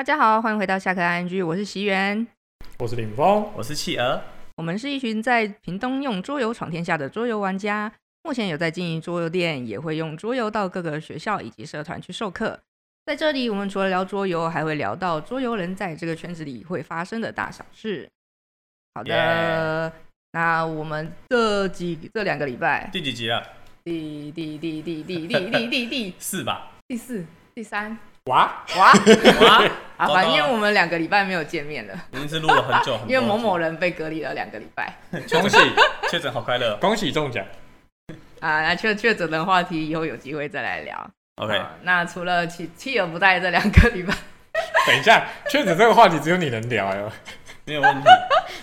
大家好，歡迎回到下課 ING，我是席元，我是林峰，我是企鵝，我們是一群在屏東用桌遊闖天下的桌遊玩家，目前有在經營桌遊店，也會用桌遊到各個學校以及社團去授課。在這裡，我們除了聊桌遊，還會聊到桌遊人在這個圈子裡會發生的大小事。好的，yeah. 那我們這幾這兩個禮拜，第幾集啊？第第第第第第第第第四 吧？第四，第三。哇哇哇！哇哇 啊，反正因為我們兩個禮拜沒有見面了，已經是錄了很久。因為某某人被隔離了兩個禮拜，恭 喜確診 好快樂，恭喜中獎啊！那確、確診的話題，以後有機會再來聊。OK，、啊、那除了妻妻而不在這兩個禮拜，等一下確診這個話題只有你能聊喲， 沒有問題。啊、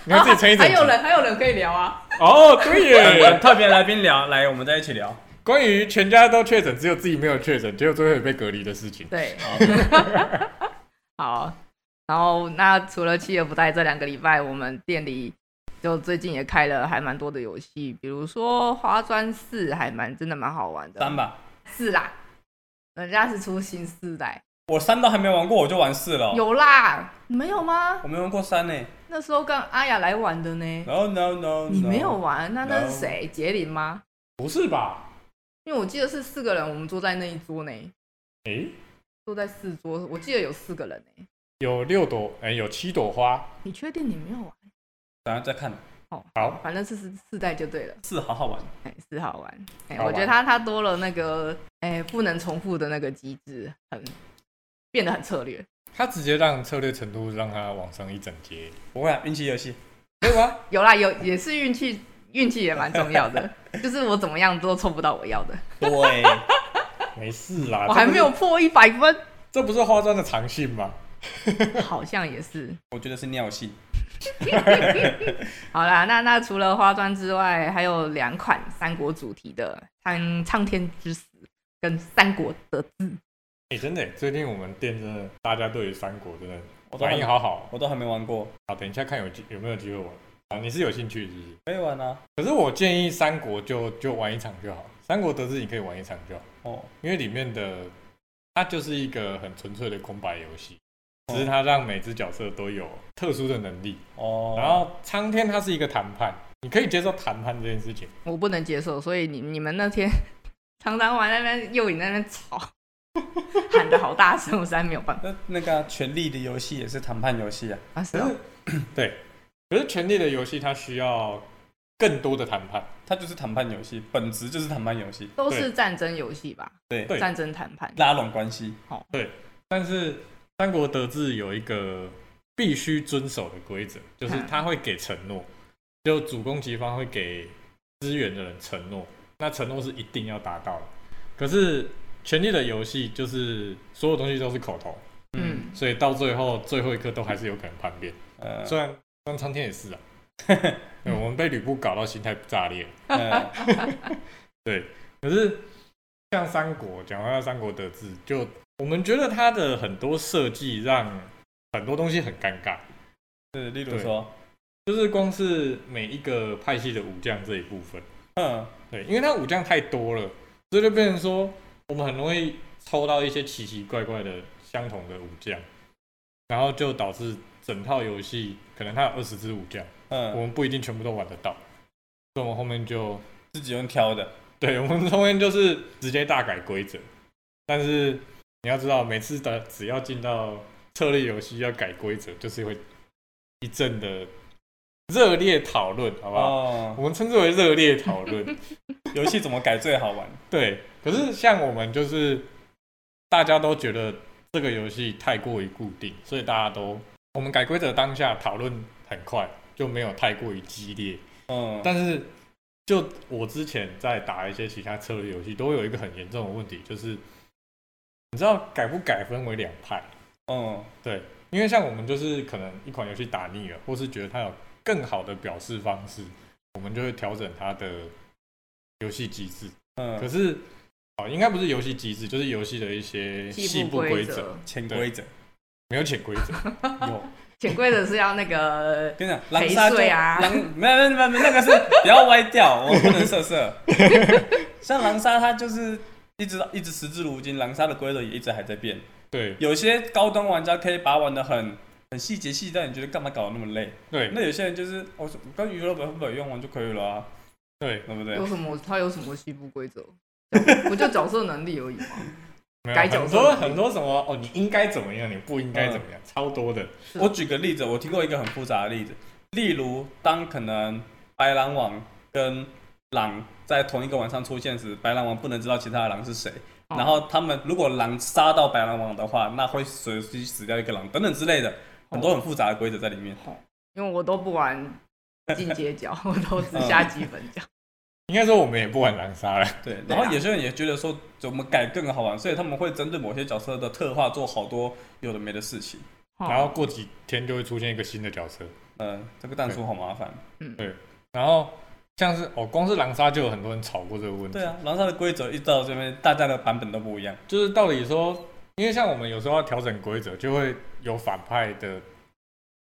你要自己撐一。還有人還有人可以聊啊？哦，對耶， 特別來賓聊，來我們在一起聊。關於全家都確診，只有自己沒有確診，結果最後也被隔離的事情。對， 好。然後那除了七月福袋這兩個禮拜，我們店裡就最近也開了還蠻多的遊戲，比如說花還蠻《花磚四》，還蠻真的蠻好玩的。三吧？四啦，人家是出新四代。我三都還沒玩過，我就玩四了。有啦，沒有嗎？我沒玩過三呢、欸。那時候跟阿雅來玩的呢。No no no，, no, no 你沒有玩？那那是誰？杰、no. 林嗎？不是吧？因為我記得是四個人，我們坐在那一桌呢。哎、欸，坐在四桌，我記得有四個人呢、欸。有六朵，哎、欸，有七朵花。欸、你確定你沒有玩？等下再看。哦，好，好，反正是四四代，就對了。四好好玩，哎、欸，四好玩。哎、欸，我覺得他他多了那個哎、欸、不能重復的那個機制，很變得很策略。他直接讓策略程度讓它往上一整階。不會啊，運氣遊戲。沒 有啊？有啦，有也是運氣。運氣也蠻重要的， 就是我怎麼樣都抽不到我要的。對， 沒事啦，我還沒有破一百分，這不是，這不是花磚的長性嗎？ 好像也是，我覺得是尿性。 好啦，那那除了花磚之外，還有兩款三國主題的《蒼蒼天之死》跟《三國得志》欸。哎，真的，最近我們店真的大家對於三國真的反應好好，我都還沒玩過。好，等一下看有機有沒有機會玩。啊，你是有興趣，是不是？可以玩啊。可是我建議三國就就玩一場就好，三國得志你可以玩一場就好。哦，因為裡面的它就是一個很純粹的空白遊戲，哦，只是它讓每只角色都有特殊的能力。哦。然後蒼天它是一個談判，你可以接受談判這件事情。我不能接受，所以你你們那天常常玩那邊佑尹那邊吵， 喊得好大聲，我實在沒有辦法。那那個、啊、權力的遊戲也是談判遊戲啊？啊，是、喔。 對。可是權力的遊戲，它需要更多的談判，它就是談判遊戲，本質就是談判遊戲，都是戰爭遊戲吧？對，對，戰爭談判，拉攏關係。好，對。但是三國得志有一個必須遵守的規則，就是他會給承諾、嗯，就主攻擊方會給支援的人承諾，那承諾是一定要達到的。可是權力的遊戲就是所有東西都是口頭，嗯，嗯所以到最後最後一刻都還是有可能叛變。嗯、呃，雖然。張蒼天也是啊，嗯、我們被呂布搞到心態炸裂。嗯、 對，可是像三國，講到三國得志，就我們覺得他的很多設計讓很多東西很尷尬。嗯，例如說，就是光是每一個派系的武將這一部分，嗯，對，因為他武將太多了，所以就變成說，我們很容易抽到一些奇奇怪怪的相同的武將，然後就導致。整套遊戲可能他有二十支武將，嗯，我們不一定全部都玩得到，所以我們後面就自己用挑的。對，我們後面就是直接大改規則。但是你要知道，每次的只要進到策略遊戲要改規則，就是會一陣的熱烈討論，好不好？哦、我們稱之為熱烈討論。遊 戲怎麼改最好玩？ 對，可是像我們就是大家都覺得這個遊戲太過於固定，所以大家都。我們改規則當下討論很快，就沒有太過於激烈。嗯，但是就我之前在打一些其他策略遊戲，都會有一個很嚴重的問題，就是你知道改不改分為兩派。嗯，對，因為像我們就是可能一款遊戲打膩了，或是覺得它有更好的表示方式，我們就會調整它的遊戲機制。嗯，可是啊，應該不是遊戲機制，嗯，就是遊戲的一些細部規則、潛規則。沒有潛規則，有潛規則是要那個。跟你講，狼殺啊，狼，沒有沒有沒有，那個是不要歪掉，我不能色色。 像狼殺，它就是一直一直時至如今，狼殺的規則也一直還在變。對，有些高端玩家可以把玩得很很細節細，但你覺得幹嘛搞得那麼累？對，那有些人就是我、哦、跟娛樂本本用完就可以了啊，對，對不對？有什麼？他有什麼細部規則？不 就角色能力而已嗎？該講說很多什麼哦？你應該怎麼樣？你不應該怎麼樣，嗯？超多的。我舉個例子，我聽過一個很複雜的例子，例如當可能白狼王跟狼在同一個晚上出現時，白狼王不能知道其他的狼是誰。哦、然後他們如果狼殺到白狼王的話，那會隨機死，死掉一個狼等等之類的，很多很複雜的規則在裡面。哦、因為我都不玩進階角。 我都是下基本角。嗯應該說我們也不玩狼殺了、嗯，對。然後有些人也覺得說，我們改更好玩，所以他們會針對某些角色的特化做好多有的沒的事情，然後過幾天就會出現一個新的角色。嗯、呃，這個彈珠好麻煩。嗯，對。然後像是哦，光是狼殺就有很多人吵過這個問題。對啊，狼殺的規則一到這邊，大家的版本都不一樣。就是到底說，因為像我們有時候要調整規則，就會有反派的，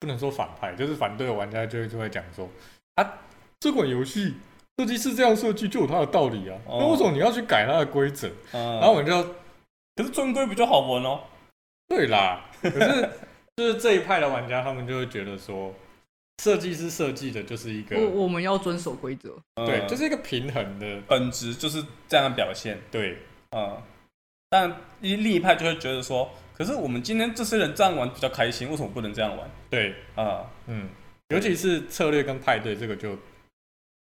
不能說反派，就是反對的玩家就會就會講說啊，這款遊戲。設計師這樣設計就有他的道理啊，那為什麼你要去改他的規則？哦？然後我們就可是遵規比較好玩哦。對啦， 可是就是這一派的玩家，他們就會覺得說，設計師設計的就是一個，我們要遵守規則，對，就是一個平衡的本質就是這樣的表現。對，啊、嗯，但一另一派就會覺得說，可是我們今天這些人這樣玩比較開心，為什麼不能這樣玩？對，啊、嗯，嗯，尤其是策略跟派對這個就。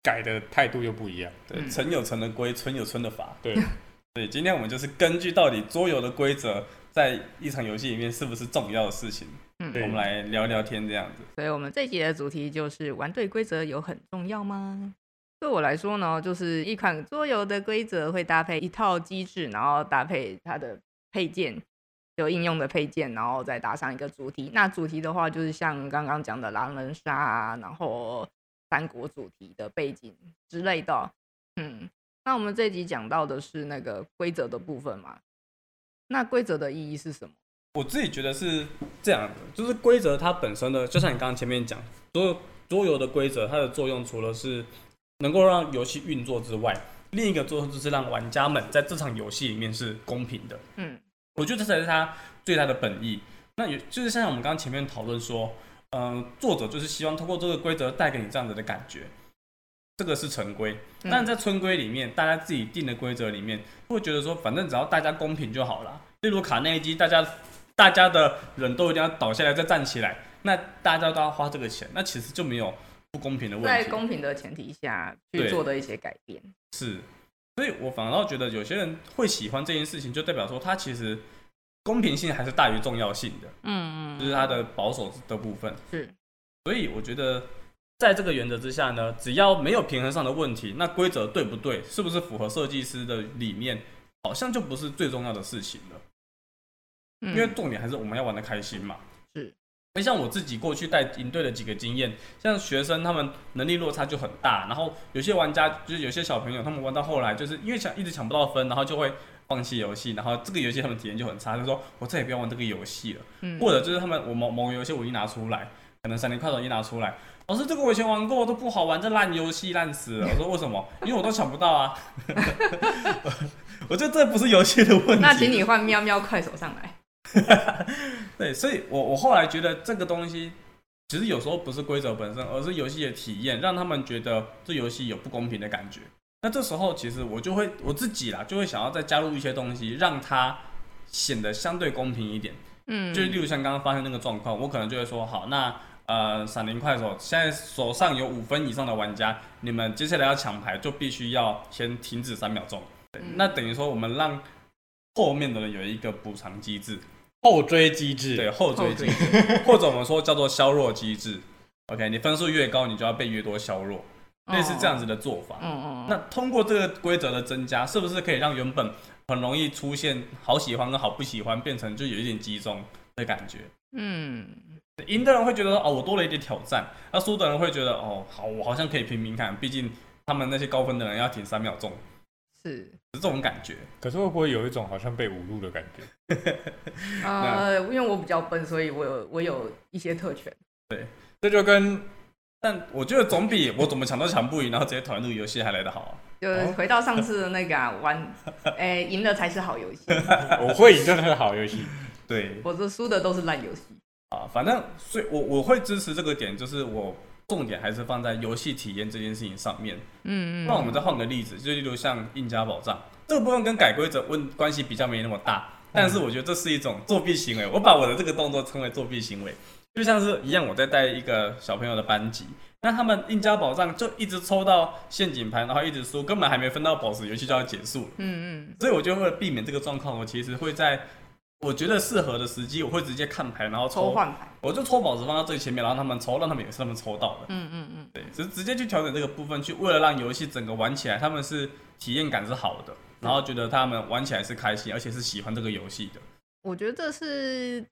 改的態度又不一樣。對，城有城的規，村有村的法。對，所以 今天我們就是根據到底桌遊的規則，在一場遊戲裡面是不是重要的事情，嗯，我們來聊一聊天這樣子。所以我們這一集的主題就是玩對規則有很重要嗎？對我來說呢，就是一款桌遊的規則會搭配一套機制，然後搭配它的配件，就應用的配件，然後再搭上一個主題。那主題的話，就是像剛剛講的狼人殺，然後。三國主題的背景之類的，嗯，那我們這一集講到的是那個規則的部分嘛？那規則的意義是什麼？我自己覺得是這樣的，就是規則它本身的，就像你剛剛前面講，所有桌遊的規則，它的作用除了是能夠讓遊戲運作之外，另一個作用就是讓玩家們在這場遊戲裡面是公平的。嗯，我覺得這才是它最大的本意。那也就是像我們剛剛前面討論說。嗯，作者就是希望通過這個規則帶給你這樣子的感覺。這個是城規，但在村規裡面、嗯，大家自己定的規則裡面，會覺得說，反正只要大家公平就好了。例如卡內基，大家大家的人都一定要倒下來再站起來，那大家都要花這個錢，那其實就沒有不公平的問題。在公平的前提下去做的一些改變是，所以我反而覺得有些人會喜歡這件事情，就代表說他其實。公平性還是大於重要性的，嗯嗯，就是它的保守的部分是，所以我覺得在這個原則之下呢，只要沒有平衡上的問題，那規則對不對，是不是符合設計師的理念，好像就不是最重要的事情了，嗯，因為重點還是我們要玩得開心嘛。是，像我自己過去帶營隊的幾個經驗，像學生他們能力落差就很大，然後有些玩家就是有些小朋友他們玩到後來就是因為搶一直搶不到分，然後就會。放棄遊戲，然後這個遊戲他們體驗就很差，他說我再也不要玩這個遊戲了，嗯。或者就是他們我某某遊戲我一拿出來，可能，嗯《三零快手》一拿出來，老師這個我以前玩過都不好玩，這爛遊戲爛死了。我說為什麼？ 因為我都搶不到啊 我。我覺得這不是遊戲的問題。 那請你換喵喵快手上來。哈哈。對，所以我我後來覺得這個東西其實有時候不是規則本身，而是遊戲的體驗，讓他們覺得這遊戲有不公平的感覺。那這時候，其實我就會我自己啦，就會想要再加入一些東西，讓它顯得相對公平一點。嗯，就是例如像剛剛發生那個狀況，我可能就會說：好，那呃，閃靈快手現在手上有五分以上的玩家，你們接下來要搶牌，就必須要先停止三秒鐘，對、嗯。那等於說，我們讓後面的人有一個補償機制，後追機制，對，後追機制， 或者我們說叫做削弱機制。OK，你分數越高，你就要被越多削弱。類似這樣子的做法，哦、嗯嗯、哦、那通過這個規則的增加，是不是可以讓原本很容易出現好喜歡跟好不喜歡，變成就有一點集中的感覺？嗯，贏的人會覺得哦，我多了一點挑戰，那輸的人會覺得哦，好，我好像可以平平看，畢竟他們那些高分的人要停三秒鐘，是是這種感覺。可是會不會有一種好像被侮辱的感覺？ 呃、因為我比較笨，所以我有我有一些特權。對，這就跟。但我覺得總比我怎麼搶都搶不贏，然後直接團入遊戲還來得好、啊、就是回到上次的那個、啊、 玩，哎、欸，贏了才是好遊戲。 我會贏的的是好遊戲，對，我這輸的都是爛遊戲啊。反正所以我，我我會支持這個點，就是我重點還是放在遊戲體驗這件事情上面。嗯嗯，嗯。那我們再換個例子，就例如像印加寶藏這個部分，跟改規則問關係比較沒那麼大，嗯嗯，但是我覺得這是一種作弊行為。我把我的這個動作稱為作弊行為。就像是一樣，我在帶一個小朋友的班級，那他們印加寶藏就一直抽到陷阱牌，然後一直輸，根本還沒分到寶石，遊戲就要結束了。嗯嗯。所以我就為了避免這個狀況，我其實會在我覺得適合的時機，我會直接看牌，然後抽換牌，我就抽寶石放到最前面，然後他們抽，讓他們也是他們抽到的。嗯嗯嗯。對，直直接去調整這個部分，去為了讓遊戲整個玩起來，他們是體驗感是好的，然後覺得他們玩起來是開心，嗯、而且是喜歡這個遊戲的。我覺得這是。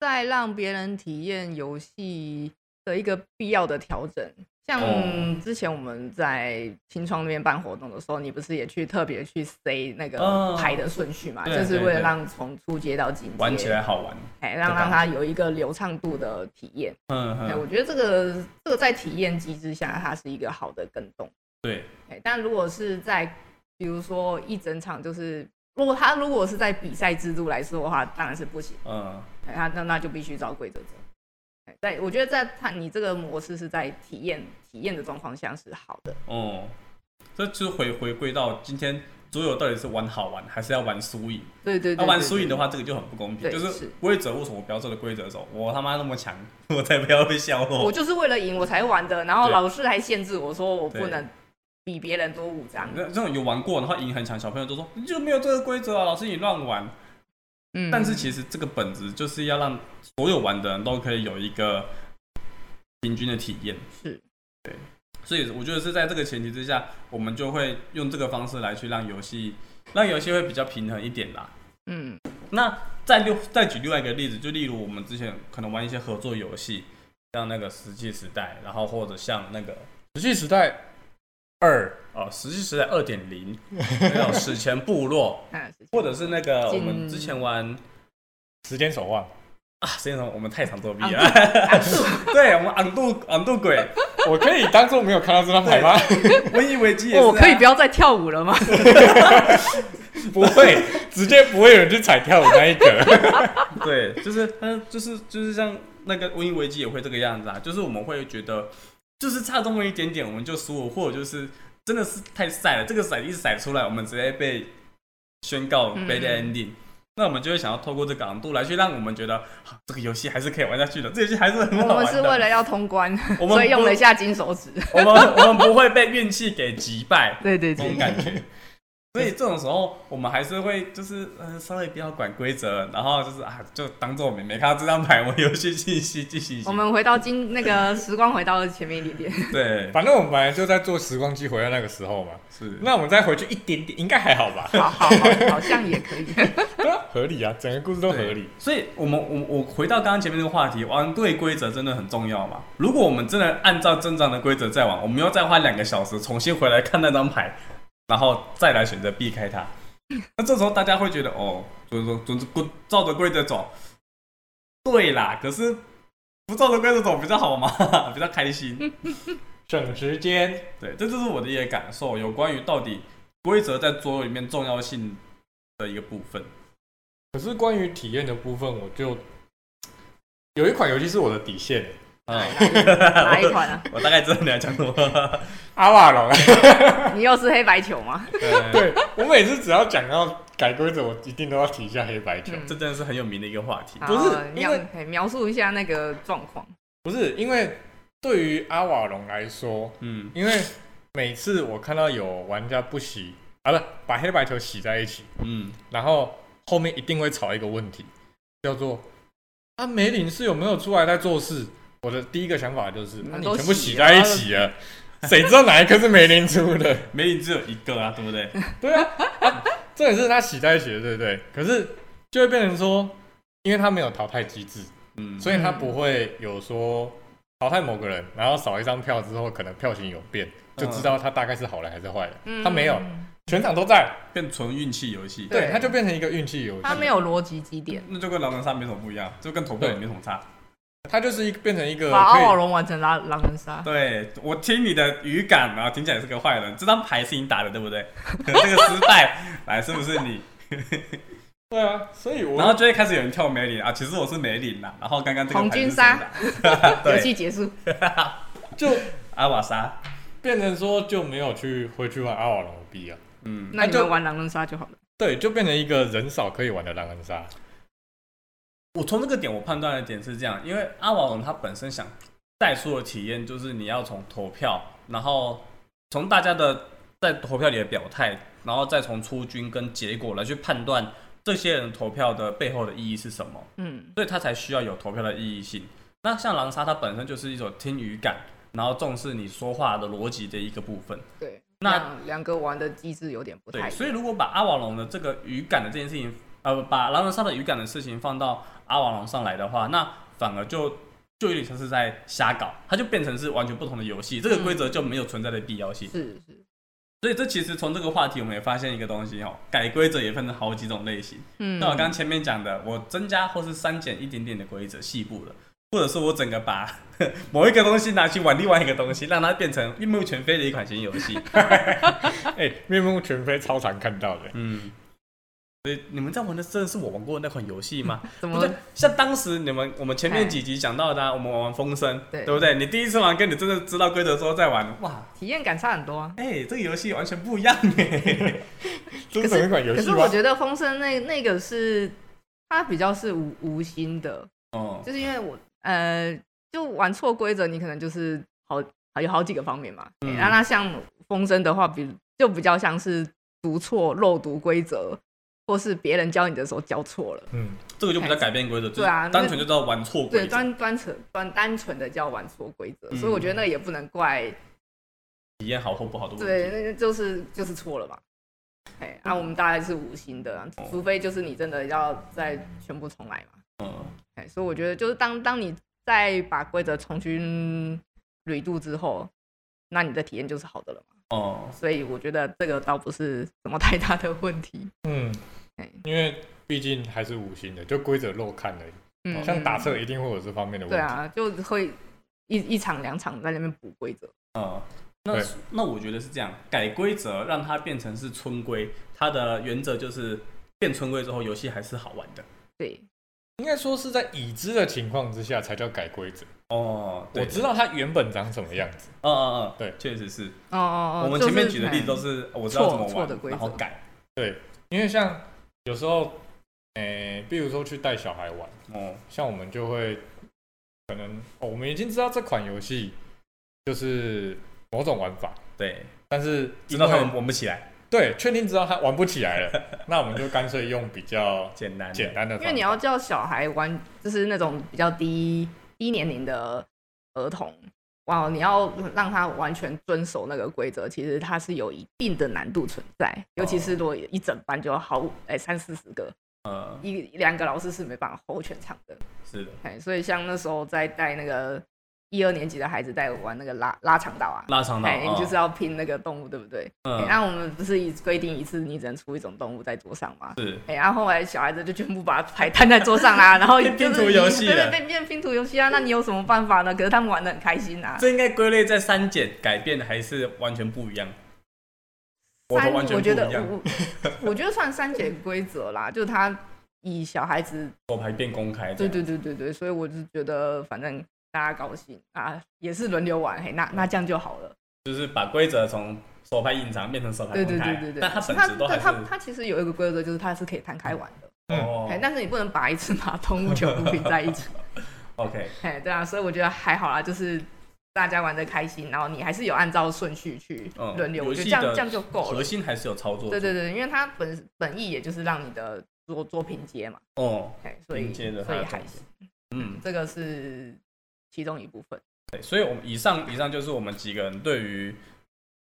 在讓別人體驗遊戲的一個必要的調整，像之前我們在清創那邊辦活動的時候，嗯、你不是也去特別去塞那個牌的順序嘛，嗯嗯嗯嗯。就是為了讓從出街到進玩起來好玩，讓讓他有一個流暢度的體驗，嗯，嗯，我覺得這個這個在體驗機制下，它是一個好的更動，對，但如果是在比如說一整場，就是如果他如果是在比賽制度來說的話，當然是不行。嗯。那那就必須照規則走，在我覺得在看你這個模式是在體驗體驗的狀況下是好的哦，這就是回回歸到今天，所有到底是玩好玩還是要玩輸贏？對、對、對、對、對，要、啊、玩輸贏的話，這個就很不公平，對、對、對，就是規則為什麼我不要這個規則走？我他媽那麼強，我才不要被笑，哦。我就是為了贏我才玩的，然後老師還限制我說我不能比別人多五張。那這種有玩過，然後贏很強小朋友都說你就沒有這個規則啊，老師你亂玩。但是其實這個本質就是要讓所有玩的人都可以有一個平均的體驗，是，對，所以我覺得是在這個前提之下，我們就會用這個方式來去讓遊戲，讓遊戲會比較平衡一點啦。嗯，那再六再舉另外一個例子，就例如我們之前可能玩一些合作遊戲，像那個《石器時代》，然後或者像那個《石器時代》。二啊、哦，史前時代二點零，沒有史前部落， 或者是那個我們之前玩《時間守望》啊，時間守望《時間守望我們太常作弊了，嗯嗯、 對，我們 a 度、嗯、度鬼， 我可以當做沒有看到這張牌嗎？《 瘟疫危機、啊》我可以不要再跳舞了嗎？ 不會，直接不會有人去踩跳舞那一格。 對，就是嗯，就是就是像那個《瘟疫危機》也會這個樣子啊，就是我們會覺得。就是差這麼一點點，我們就輸了，或者就是真的是太衰了。這個骰一直骰出來，我們直接被宣告 bad ending。那我們就會想要透過這個難度來去讓我們覺得、啊、這個遊戲還是可以玩下去的，這遊、個、戲還是很好玩，我們是為了要通關，我們所以用了一下金手指。我們我們，我們不會被運氣給擊敗，對對對，這種感覺。對對對對 所以這種時候，我們還是會就是嗯、呃，稍微不要管規則，然後就是啊，就當做我們沒看到這張牌，我們遊戲繼續繼續繼續。我們回到今 那個時光，回到了前面一點點。對，反正我們本來就在坐時光機回到那個時候嘛。是。那我們再回去一點點，應該還好吧？好好好， 好像也可以， 合理啊，整個故事都合理。所以我們我我回到剛剛前面那個話題，玩對規則真的很重要嘛？如果我們真的按照正常的規則再玩，我們要再花兩個小時重新回來看那張牌。然後再來選擇避開它，那這時候大家會覺得哦，總之總之規照着規則走，對啦。可是，不照着規則走比較好嘛，比較開心，省時間。對，這就是我的一些感受，有關於到底規則在桌遊裡面重要性的一個部分。可是關於體驗的部分，我就有一款遊戲是我的底線。嗯、 哪一款？啊、 我，我大概知道你要講什麼。 阿瓦龍龍笑你又是黑白球嗎？嗯、 對，我每次只要講到改規則，我一定都要提一下黑白球，嗯，這真的是很有名的一個話題。不是因為描，描述一下那個狀況，不是因為對於阿瓦龍來說，嗯，因為每次我看到有玩家不洗啊不，不把黑白球洗在一起，嗯，然後後面一定會吵一個問題，叫做阿梅、啊、林是有沒有出來在做事？我的第一個想法就是，嗯、你全部洗在一起了，誰、啊、知道哪一個是梅林出的？梅林只有一個啊，對不對？ 對啊，這 也、啊、是他洗在一起的，對不對？可是就會變成說，因為他沒有淘汰機制，嗯、所以他不會有說淘汰某個人，嗯、然後少一張票之後，可能票型有變，就知道他大概是好人還是壞人、嗯。他沒有，全場都在變純運氣遊戲，對，他就變成一個運氣遊戲，他沒有邏輯基點，那就跟狼人殺沒什麼不一樣，就跟投票也沒什麼差。他就是一個變成一個把阿瓦隆玩成狼狼人殺。對我聽你的語感啊，聽起來是個壞人。這張牌是你打的，對不對？ 這個失敗，來是不是你？對啊，所以我然後最開始有人跳梅林啊，其實我是梅林啦、啊。然後剛剛這個紅軍殺，對，遊戲結束，就阿瓦沙，變成說就沒有去回去玩阿瓦隆幣啊。嗯、啊，那就玩狼人殺就好了。對，就變成一個人少可以玩的狼人殺。我從這個點，我判斷的點是這樣，因為阿瓦隆他本身想帶出的體驗就是你要從投票，然後從大家的在投票裡的表態，然後再從出軍跟結果來去判斷這些人投票的背後的意義是什麼。嗯，所以他才需要有投票的意義性。那像狼殺，它本身就是一種聽語感，然後重視你說話的邏輯的一個部分。對，那兩個玩的機制有點不太一樣，所以如果把阿瓦隆的這個語感的這件事情，呃，把狼人殺的語感的事情放到阿瓦隆上來的話，那反而就就有點像是在瞎搞，它就變成是完全不同的遊戲，嗯，這個規則就沒有存在的必要性。是是。所以這其實從這個話題我們也發現一個東西哦，改規則也分成好幾種類型。嗯。那我剛剛前面講的，我增加或是刪減一點點的規則細部了，或者是我整個把 某一個東西拿去玩另外一個東西，讓它變成面目全非的一款新遊戲。哎、 欸，面目全非超常看到的。嗯。你們在玩的真的是我玩過的那款遊戲嗎？怎麼？不對，像當時你們我們前面幾集講到的，啊，我們玩玩風聲，對，對不對？你第一次玩，跟你真的知道規則的時候再玩，哇，體驗感差很多，啊。哎，欸，這個遊戲完全不一樣耶，哎，不是一款遊戲啊。可是我覺得風聲那那個是它比較是無無心的，哦，就是因為我呃，就玩錯規則，你可能就是好有好幾個方面嘛。那，嗯欸，那像風聲的話，比就比較像是讀錯，漏讀規則。或是別人教你的時候教錯了，嗯，這個就不再改變規則，對啊，就是、單純就知道玩錯規則，對，單單純的叫玩錯規則，所以我覺得那也不能怪體驗好或不好的問題，對，那就是就是錯了嘛。哎，那我們大概是無心的、啊嗯，除非就是你真的要再全部重來嘛，嗯、哦、哎、okay，所以我覺得就是當當你在把規則重新 re-do 之後，那你的體驗就是好的了嘛，哦，所以我覺得這個倒不是什麼太大的問題，嗯。因為畢竟還是無形的，就規則漏看而已。嗯，像打車一定會有這方面的問題。對啊，就會一一場兩場在那邊補規則。呃、嗯，那那我覺得是這樣，改規則讓它變成是村規，它的原則就是變村規之後遊戲還是好玩的。對，應該說是在已知的情況之下才叫改規則哦，對。我知道它原本長什麼樣子。嗯嗯嗯，對、嗯，確、嗯、實是。哦哦哦，我們前面舉的例子都是我知道怎麼玩，的規則然後改。對，因為像。有時候，誒、欸，比如說去帶小孩玩，哦、嗯，像我們就會，可能，哦、我們已經知道這款遊戲就是某種玩法，對，但是因為知道他們玩不起來，對，確定知道他玩不起來了， 那我們就乾脆用比較簡單簡單的，因為你要叫小孩玩，就是那種比較低低年齡的兒童。哇、wow,，你要讓他完全遵守那個規則，其實他是有一定的難度存在，尤其是如果一整班就好，哎、oh. 欸，三四十個，呃、uh.，一兩個老師是沒辦法 hold 全場的。是的，okay, 所以像那時候在帶那個。一二年級的孩子帶我玩那個拉拉長島啊，拉長島，哎、欸，哦、就是要拼那個動物，對不對？嗯。欸、那我們不是一規定一次你只能出一種動物在桌上嗎？是。哎、欸，然、啊、後後來小孩子就全部把牌攤在桌上啦， 變拼圖然後就對變變拼圖遊戲啊。那你有什麼辦法呢？可是他們玩得很開心啊。這應該歸類在刪減、改變還是完全不一樣？刪我，我覺得我，我覺得算刪減規則啦， 就是他以小孩子手牌變公開，對對對對對，所以我就覺得反正。大家高興啊，也是輪流玩，嘿，那那這樣就好了。就是把規則從手牌隱藏變成手牌公開。對對對對，他他他其實有一個規則，就是它是可以攤開玩的。哦、嗯嗯嗯。但是你不能把一次把同物全部拼在一起。 OK。對啊，所以我覺得還好啦，就是大家玩得開心，然後你還是有按照順序去輪流、嗯，我覺得這樣這樣就夠了。核心還是有操作的。對對對，因為它本本意也就是讓你的作,作拼接嘛。哦。所以拼接所以還是嗯,嗯，這個是。其中一部分，對，所以我們以上以上就是我們幾個人對於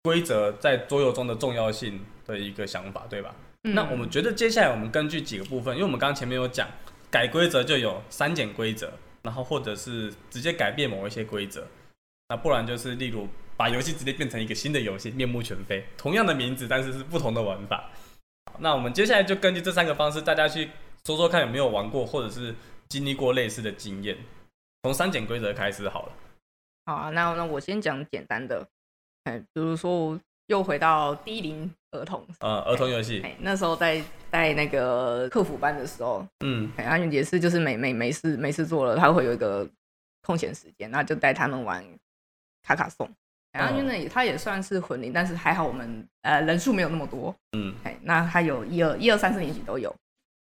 規則在桌遊中的重要性的一個想法，對吧？嗯。那我們覺得接下來我們根據幾個部分，因為我們剛剛前面有講改規則，就有刪減規則，然後或者是直接改變某一些規則，那不然就是例如把遊戲直接變成一個新的遊戲，面目全非，同樣的名字，但是是不同的玩法。那我們接下來就根據這三個方式，大家去說說看有沒有玩過或者是經歷過類似的經驗。從三減規則開始好了，好啊，那那我先講簡單的，哎、欸，比如說又回到低齡兒童，呃、嗯欸，兒童遊戲，哎、欸，那時候在帶那個客服班的時候，嗯，哎、欸，也是就是每每每次每次做了，他會有一個空閒時間，然後就帶他們玩卡卡頌，哎、欸，那、嗯、也他也算是混齡，但是還好我們呃人數沒有那麼多，嗯，欸、那他有一二一二三四年級都有、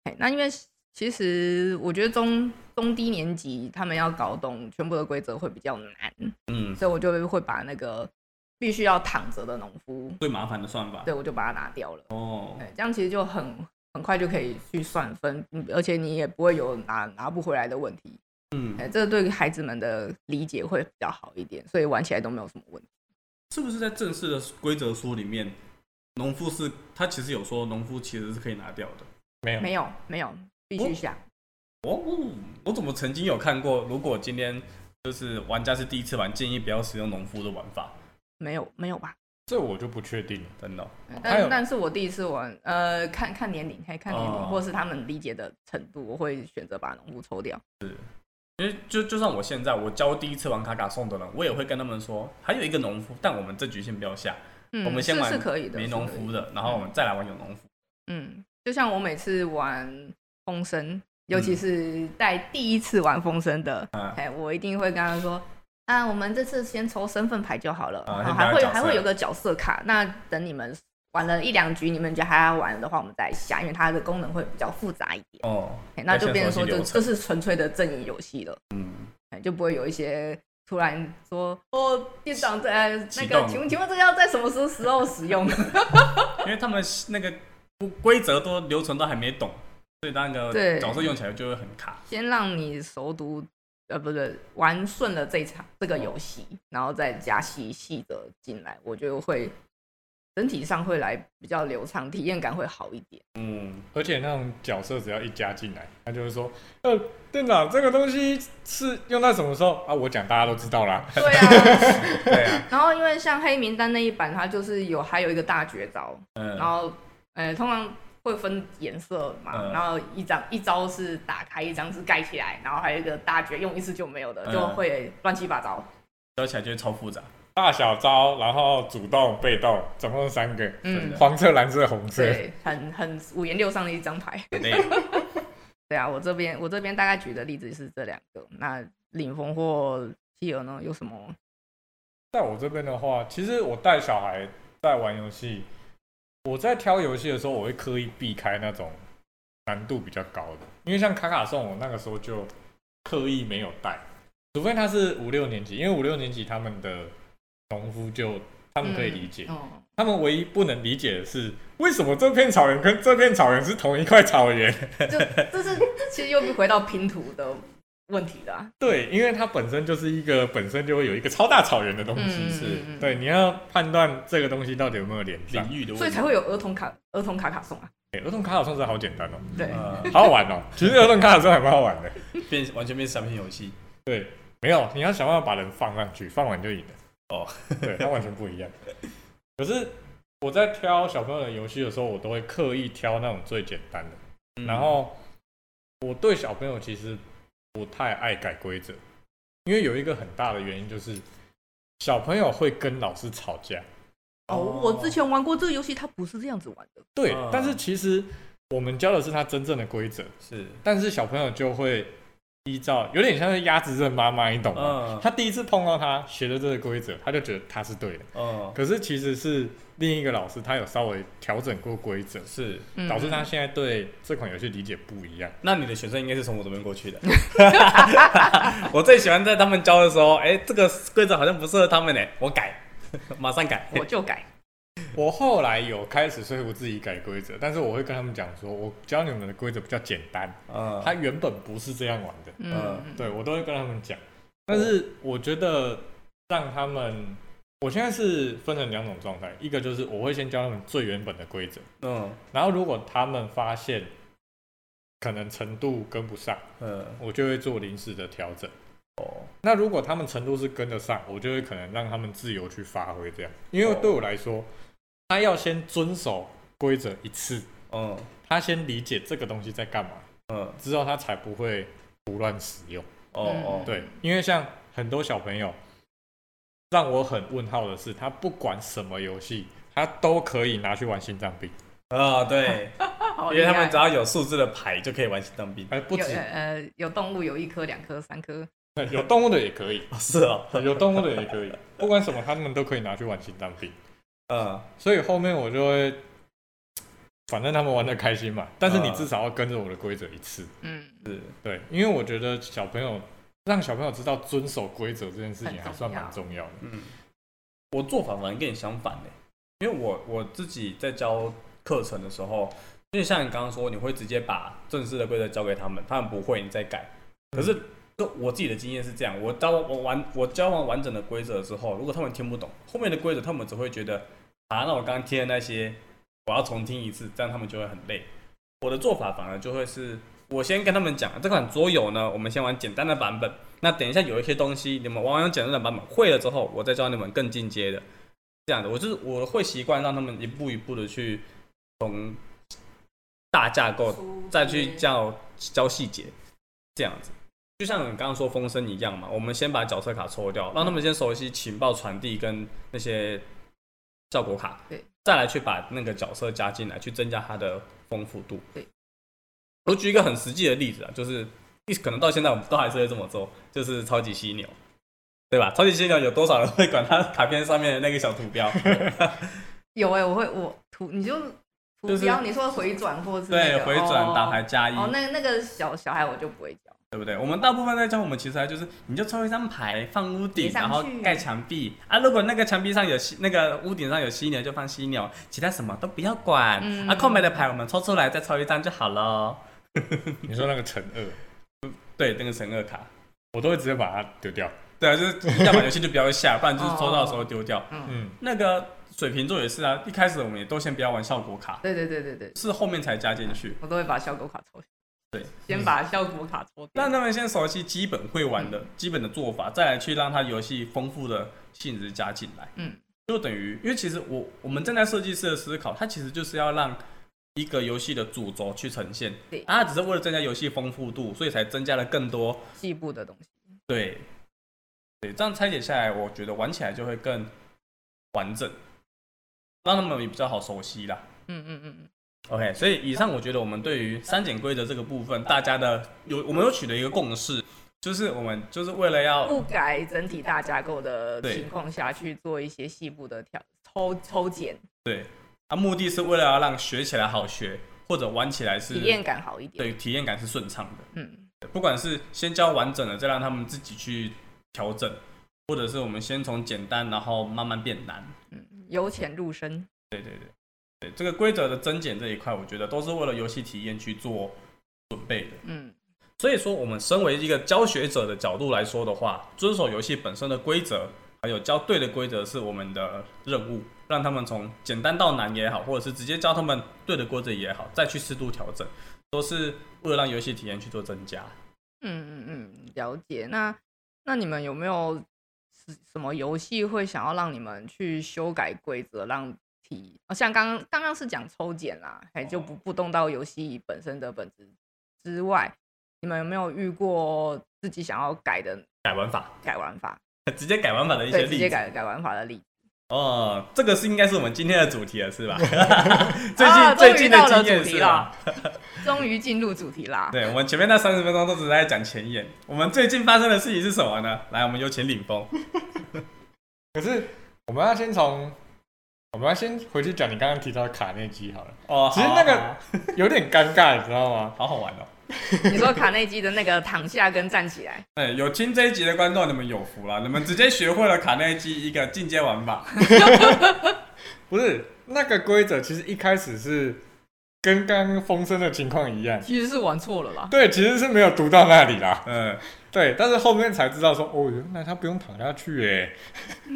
欸，那因為其實我覺得中。中低年級他們要搞懂全部的規則會比較難，嗯，所以我就會把那個必須要躺着的農夫最麻煩的算法，對，我就把它拿掉了。哦，哎，這樣其實就很很快就可以去算分，而且你也不會有拿拿不回來的問題。嗯，哎，這個、對孩子們的理解會比較好一點，所以玩起來都沒有什麼問題。是不是在正式的規則書裡面，農夫是？他其實有說農夫其實是可以拿掉的？沒有，沒有，沒有，必須下。哦？哦，我怎麼曾經有看過？如果今天就是玩家是第一次玩，建議不要使用農夫的玩法。沒有，沒有吧？這我就不確定，真的。但但是我第一次玩，呃，看看年齡，看年齡、呃，或是他們理解的程度，我會選擇把農夫抽掉。是，因為就就算我現在我教第一次玩卡卡送的人，我也會跟他們說，還有一個農夫，但我們這局先不要下、嗯，我們先玩是，是可以的，沒農夫的、的，然後我們再來玩有農夫。嗯，就像我每次玩風神。尤其是帶第一次玩風聲的、啊欸，我一定會跟他說：“啊，我們這次先抽身份牌就好了，啊、然後還會還會有個角色卡。那等你們玩了一兩局，你們覺得還要玩的話，我們再下，因為它的功能會比較複雜一點。哦，欸、那就變成說，這這是純粹的陣營遊戲了，嗯、啊欸，就不會有一些突然說哦，店長在、呃、那個，請請問這個要在什麼時候時候使用呢？ 因為他們那個規則都流程都還沒懂。”所以那個角色用起來就會很卡、嗯。先讓你熟讀，呃，不是玩順了這場這個遊戲、嗯，然後再加細細的進來，我就會整體上會來比較流暢，體驗感會好一點。嗯，而且那種角色只要一加進來，他就是說：“呃，店長，這個東西是用在什麼時候啊？”我講大家都知道啦。對啊， 對啊。然後因為像黑名單那一版，它就是有還有一個大絕招，嗯、然後呃，通常。會分顏色嘛、嗯，然後一張一招是打開，一張是蓋起來，然後還有一個大絕用一次就沒有的，就會亂七八糟。收起來就超複雜。大小招，然後主動、被動，總共三個。嗯，黃色、藍色、紅色。對，很很五顏六色的一張牌。對， 對啊，我這邊我這邊大概舉的例子是這兩個。那林峰或希爾呢？有什麼？在我這邊的話，其實我帶小孩在玩遊戲。我在挑遊戲的時候，我會刻意避開那種難度比較高的，因為像《卡卡頌》，我那個時候就刻意沒有帶，除非他是五六年級，因為五六年級他們的農夫就他們可以理解、嗯哦，他們唯一不能理解的是為什麼這片草原跟這片草原是同一塊草原，就這是其實又回到拼圖的，問題的、啊、對，因為它本身就是一個本身就會有一個超大草原的東西，嗯、是，對，你要判斷這個東西到底有沒有連地，所以才會有兒童卡兒童卡卡送啊。對、欸，兒童卡卡送是好簡單哦、喔，對， 好好玩哦、喔。其實兒童卡卡送還蠻好玩的，變完全變三拼遊戲。對，沒有你要想辦法把人放上去，放完就贏了。哦， 對，那完全不一樣。 可是我在挑小朋友的遊戲的時候，我都會刻意挑那種最簡單的。嗯、然後我對小朋友其實。不太愛改規則，因為有一個很大的原因就是小朋友會跟老師吵架。哦，我之前玩過這個遊戲，他不是這樣子玩的。對，嗯，但是其實我們教的是他真正的規則，是，但是小朋友就會。依照有點像是鴨子認媽媽，你懂嗎？嗯，他第一次碰到他學的這個規則，他就覺得他是對的。嗯，可是其實是另一個老師，他有稍微調整過規則，是導致他現在對這款遊戲理解不一樣。嗯。那你的學生應該是從我這邊過去的。 我最喜歡在他們教的時候，哎、欸，這個規則好像不適合他們呢。我改， 馬上改， 我就改。我後來有開始，說服我自己改規則，但是我會跟他們講說，我教你們的規則比較簡單，嗯，他原本不是這樣玩的，嗯，對我都會跟他們講。但是我覺得讓他們，我現在是分成兩種狀態，一個就是我會先教他們最原本的規則，嗯、uh,，然後如果他們發現可能程度跟不上，嗯、uh,，我就會做臨時的調整。哦、oh.，那如果他們程度是跟得上，我就會可能讓他們自由去發揮這樣，因為對我來說。Oh. 他要先遵守規則一次，嗯，他先理解這個東西在幹嘛，嗯，之後他才不會胡亂使用。哦、嗯、對、嗯，因為像很多小朋友，讓我很問號的是，他不管什麼遊戲，他都可以拿去玩心臟病。啊、哦，對， 因為他們只要有數字的牌就可以玩心臟病，哎，不止，呃，有動物有一顆、兩顆、三顆，有動物的也可以，哦、是啊、哦， 有動物的也可以，不管什麼他們都可以拿去玩心臟病。嗯，所以後面我就會，反正他們玩得開心嘛，但是你至少要跟着我的規則一次。嗯，對是對，因為我覺得小朋友讓小朋友知道遵守規則這件事情還算蠻重要的。嗯，我做法反而跟你相反的，因為我我自己在教課程的時候，因為像你剛剛說，你會直接把正式的規則交給他們，他們不會，你再改，可是。嗯我自己的經驗是這樣，我教我完我教完完整的規則之後，如果他們聽不懂後面的規則，他們只會覺得，啊，那我剛剛聽的那些，我要重聽一次，這樣他們就會很累。我的做法反而就會是，我先跟他們講，這款桌遊呢，我們先玩簡單的版本。那等一下有一些東西，你們玩完簡單的版本，會了之後，我再教你們更進階的，這樣的，我就是我會習慣讓他們一步一步的去從大架構再去教教細節，這樣子。就像你剛剛說風聲一樣嘛，我們先把角色卡抽掉，讓他們先熟悉情報傳遞跟那些效果卡，對，再來去把那個角色加進來，去增加它的豐富度。對，我舉一個很實際的例子啊，就是一，可能到現在我們都還是會這麼做，就是超級犀牛，對吧？超級犀牛有多少人會管它卡片上面的那個小圖標？ 有哎、欸，我會我圖你就圖標、就是，你說回轉或者是、那個、對回轉、哦、打牌加一哦，那那個小小孩我就不會教。對不對？我們大部分在教我們其實就是，你就抽一張牌，放屋頂，然後蓋牆壁啊。如果那個牆壁上有犀那個屋頂上有犀鳥，就放犀鳥，其他什麼都不要管。嗯、啊，空白的牌，我們抽出來再抽一張就好了。 你說那個乘二？對，那個乘二卡，我都會直接把它丟掉。對啊，就是要把遊戲就不要下，不然就是抽到的時候丟掉。 哦、嗯嗯，那個水瓶座也是啊，一開始我們也都先不要玩效果卡。對對對對對，是後面才加進去。我都會把效果卡抽。對，先把效果卡搓，嗯。讓他們先熟悉基本會玩的、嗯、基本的做法，再來去讓他遊戲豐富的性質加進來。嗯，就等於，因為其實我我們正在設計師的思考，他其實就是要讓一個遊戲的主軸去呈現。對，他只是為了增加遊戲豐富度，所以才增加了更多細部的東西。對，對，這樣拆解下來，我覺得玩起來就會更完整，讓他們也比較好熟悉啦。嗯嗯嗯。嗯 OK，所以以上我覺得我們對於刪減規則這個部分，大家的有我們有取得一個共識，就是我們就是為了要不改整體大架構的情況下去做一些細部的調抽抽檢。對。啊，目的是為了要讓學起來好學，或者玩起來是體驗感好一點。對，體驗感是順暢的。嗯，不管是先教完整的，再讓他們自己去調整，或者是我們先從簡單，然後慢慢變難。嗯，由淺入深。對對對。對這個規則的增減這一塊，我覺得都是為了遊戲體驗去做準備的。嗯，所以說我們身為一個教學者的角度來說的話，遵守遊戲本身的規則，還有教對的規則是我們的任務，讓他們從簡單到難也好，或者是直接教他們對的規則也好，再去適度調整，都是為了讓遊戲體驗去做增加嗯。嗯嗯嗯，了解。那那你們有沒有是什麼遊戲會想要讓你們去修改規則讓？哦，像剛剛剛是講抽檢啦，還就不不動到遊戲本身的本質之外，你們有沒有遇過自己想要改的改玩法？改玩法，直接改玩法的一些例子，直接改玩法的例哦，這個是應該是我們今天的主題了，是吧？ 最近、啊、最近的經驗是吧？終於到了主題了，終於進入主題啦、啊。對，我們前面那三十分鐘都只在講前言。我們最近發生的事情是什麼呢？來，我們有請領風。 可是我們要先從。我們要先回去講你剛剛提到的卡內基好了。哦，其實那個有點尷尬， 你知道嗎？好好玩哦。 你說卡內基的那個躺下跟站起來？哎、欸，有聽這一集的觀眾，你們有福了，你們直接學會了卡內基一個進階玩法。 不是那個規則，其實一開始是跟剛剛風聲的情況一樣，其實是玩錯了吧？對，其實是沒有讀到那裡啦。嗯，對，但是後面才知道說，哦、喔，那他不用躺下去哎。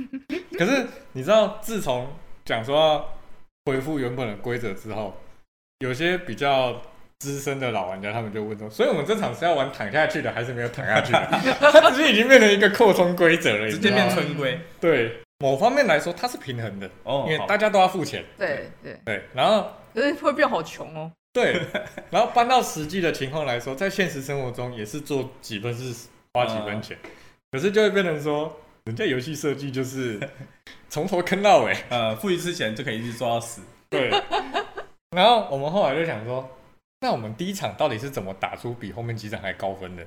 可是你知道，自從想說恢復原本的規則之後，有些比較資深的老玩家，他們就問說，所以我們這場是要玩躺下去的，還是沒有躺下去的？ 它只是已經變成一個擴充規則了，直接變村規。對，某方面來說，它是平衡的，哦、因為大家都要付錢。哦、對對對。然後，有點會變好窮哦。對。然後搬到實際的情況來說，在現實生活中也是做幾分事花幾分錢、嗯，可是就會變成說。人家遊戲設計就是從頭坑到尾，呃，付一次錢就可以一直抓到死。對。 然後我們後來就想說，那我們第一場到底是怎麼打出比後面幾場還高分的？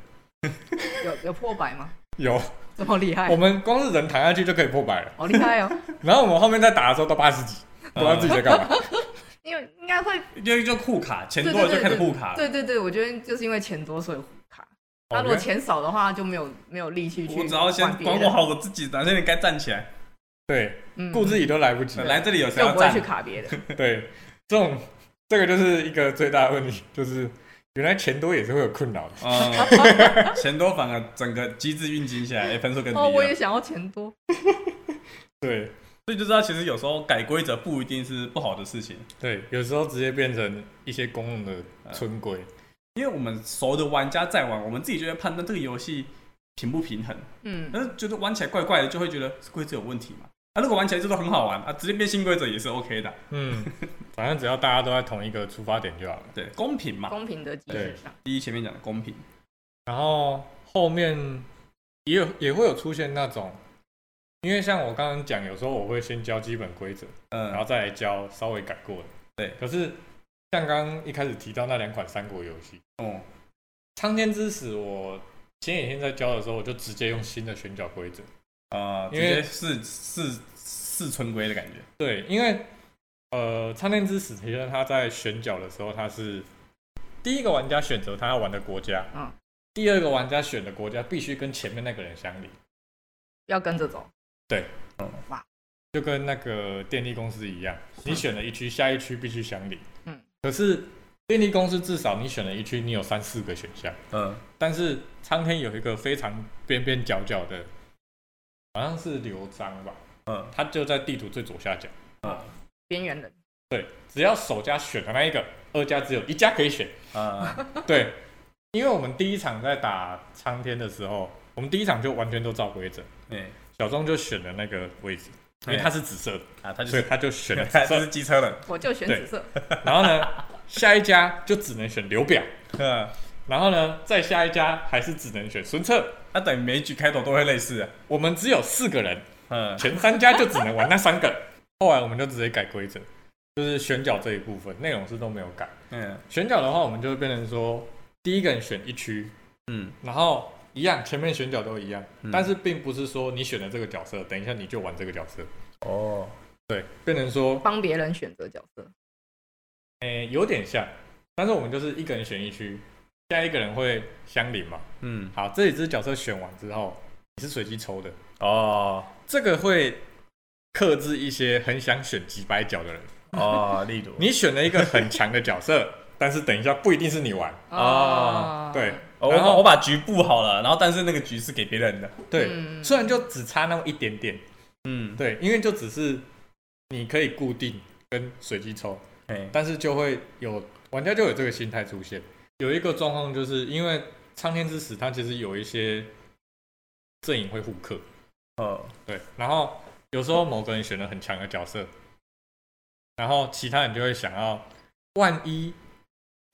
有有破百嗎？有。這麼厲害？我們光是人彈下去就可以破百了。好厲害哦！ 然後我們後面在打的時候都八十幾，不知道自己在幹嘛。 因為應該會，因為就護卡，錢多了就開始護卡，對對對對。對對對，我覺得就是因為錢多所以。那如果錢少的話，就沒有沒有力氣去。我只要先管好我自己，反正你該站起來。對，顧自己都來不及，來這裡有誰要站不會去卡別人。 對，這種這個就是一個最大的問題，就是原來錢多也是會有困擾的。嗯、 錢多反而整個機制運行起來，分數更低。哦，我也想要錢多。對，所以就知道其實有時候改規則不一定是不好的事情。對，有時候直接變成一些公共的村規。嗯因為我們熟的玩家，在玩，我們自己就會判斷這個遊戲平不平衡，嗯，但是覺得玩起來怪怪的，就會覺得規則有問題嘛。啊，如果玩起來就都很好玩，啊，直接變新規則也是 OK 的，嗯， 反正只要大家都在同一個出發點就好了，對，公平嘛，公平的基礎上，第一、啊、前面講的公平，然後後面也有也會有出現那種，因為像我剛剛講，有時候我會先教基本規則，嗯，然後再來教稍微改過的，對，可是。像剛剛一開始提到那兩款三國遊戲，嗯，《蒼天之死》，我前幾天在教的時候，我就直接用新的選角規則，啊、呃，因為是是是村規的感覺。對，因為呃，《蒼天之死》其實他在選角的時候，他是第一個玩家選擇他要玩的國家，嗯，第二個玩家選的國家必須跟前面那個人相鄰，要跟着走。對，嗯、呃，哇，就跟那個電力公司一樣，你選了一區，下一區必須相鄰。可是電力公司至少你選了一區，你有三四個選項。嗯，但是蒼天有一個非常邊邊角角的，好像是劉璋吧？嗯，他就在地圖最左下角。嗯，邊緣的。對，只要首家選的那一個，嗯、二家只有一家可以選。啊、嗯，對，因為我們第一場在打蒼天的時候，我們第一場就完全都照規則。對、嗯。小鍾就選了那個位置。因為它是紫色的啊，就是、所以他就選了他是機車了，我就選紫色。然後呢， 下一家就只能選劉表， 嗯，然後呢，再下一家還是只能選孫策，那、啊、等於每一局開頭都會類似。我們只有四個人，嗯，前三家就只能玩那三個。 後來我們就直接改規則，就是選角這一部分內容是都沒有改。嗯，選角的話，我們就變成說，第一個人選一區，嗯，然後。一樣，前面選角都一樣、嗯，但是並不是說你選了這個角色，等一下你就玩這個角色。哦，對，變成說幫別人選擇角色，誒、欸，有點像，但是我們就是一個人選一區，下一個人會相鄰嘛。嗯，好，這幾隻角色選完之後，你是隨機抽的。哦，這個會克制一些很想選幾百角的人。哦，力度，你選了一個很強的角色。 但是等一下，不一定是你玩啊、哦。對、哦，然後我把局布好了、哦，然後但是那個局是給別人的、嗯。對，雖然就只差那麼一點點。嗯，對，因為就只是你可以固定跟隨機抽，嗯、但是就會有玩家就有這個心態出現。有一個狀況就是因為蒼天之死，它其實有一些陣營會互克。呃、嗯，對，然後有時候某個人選了很強的角色，嗯、然後其他人就會想要萬一。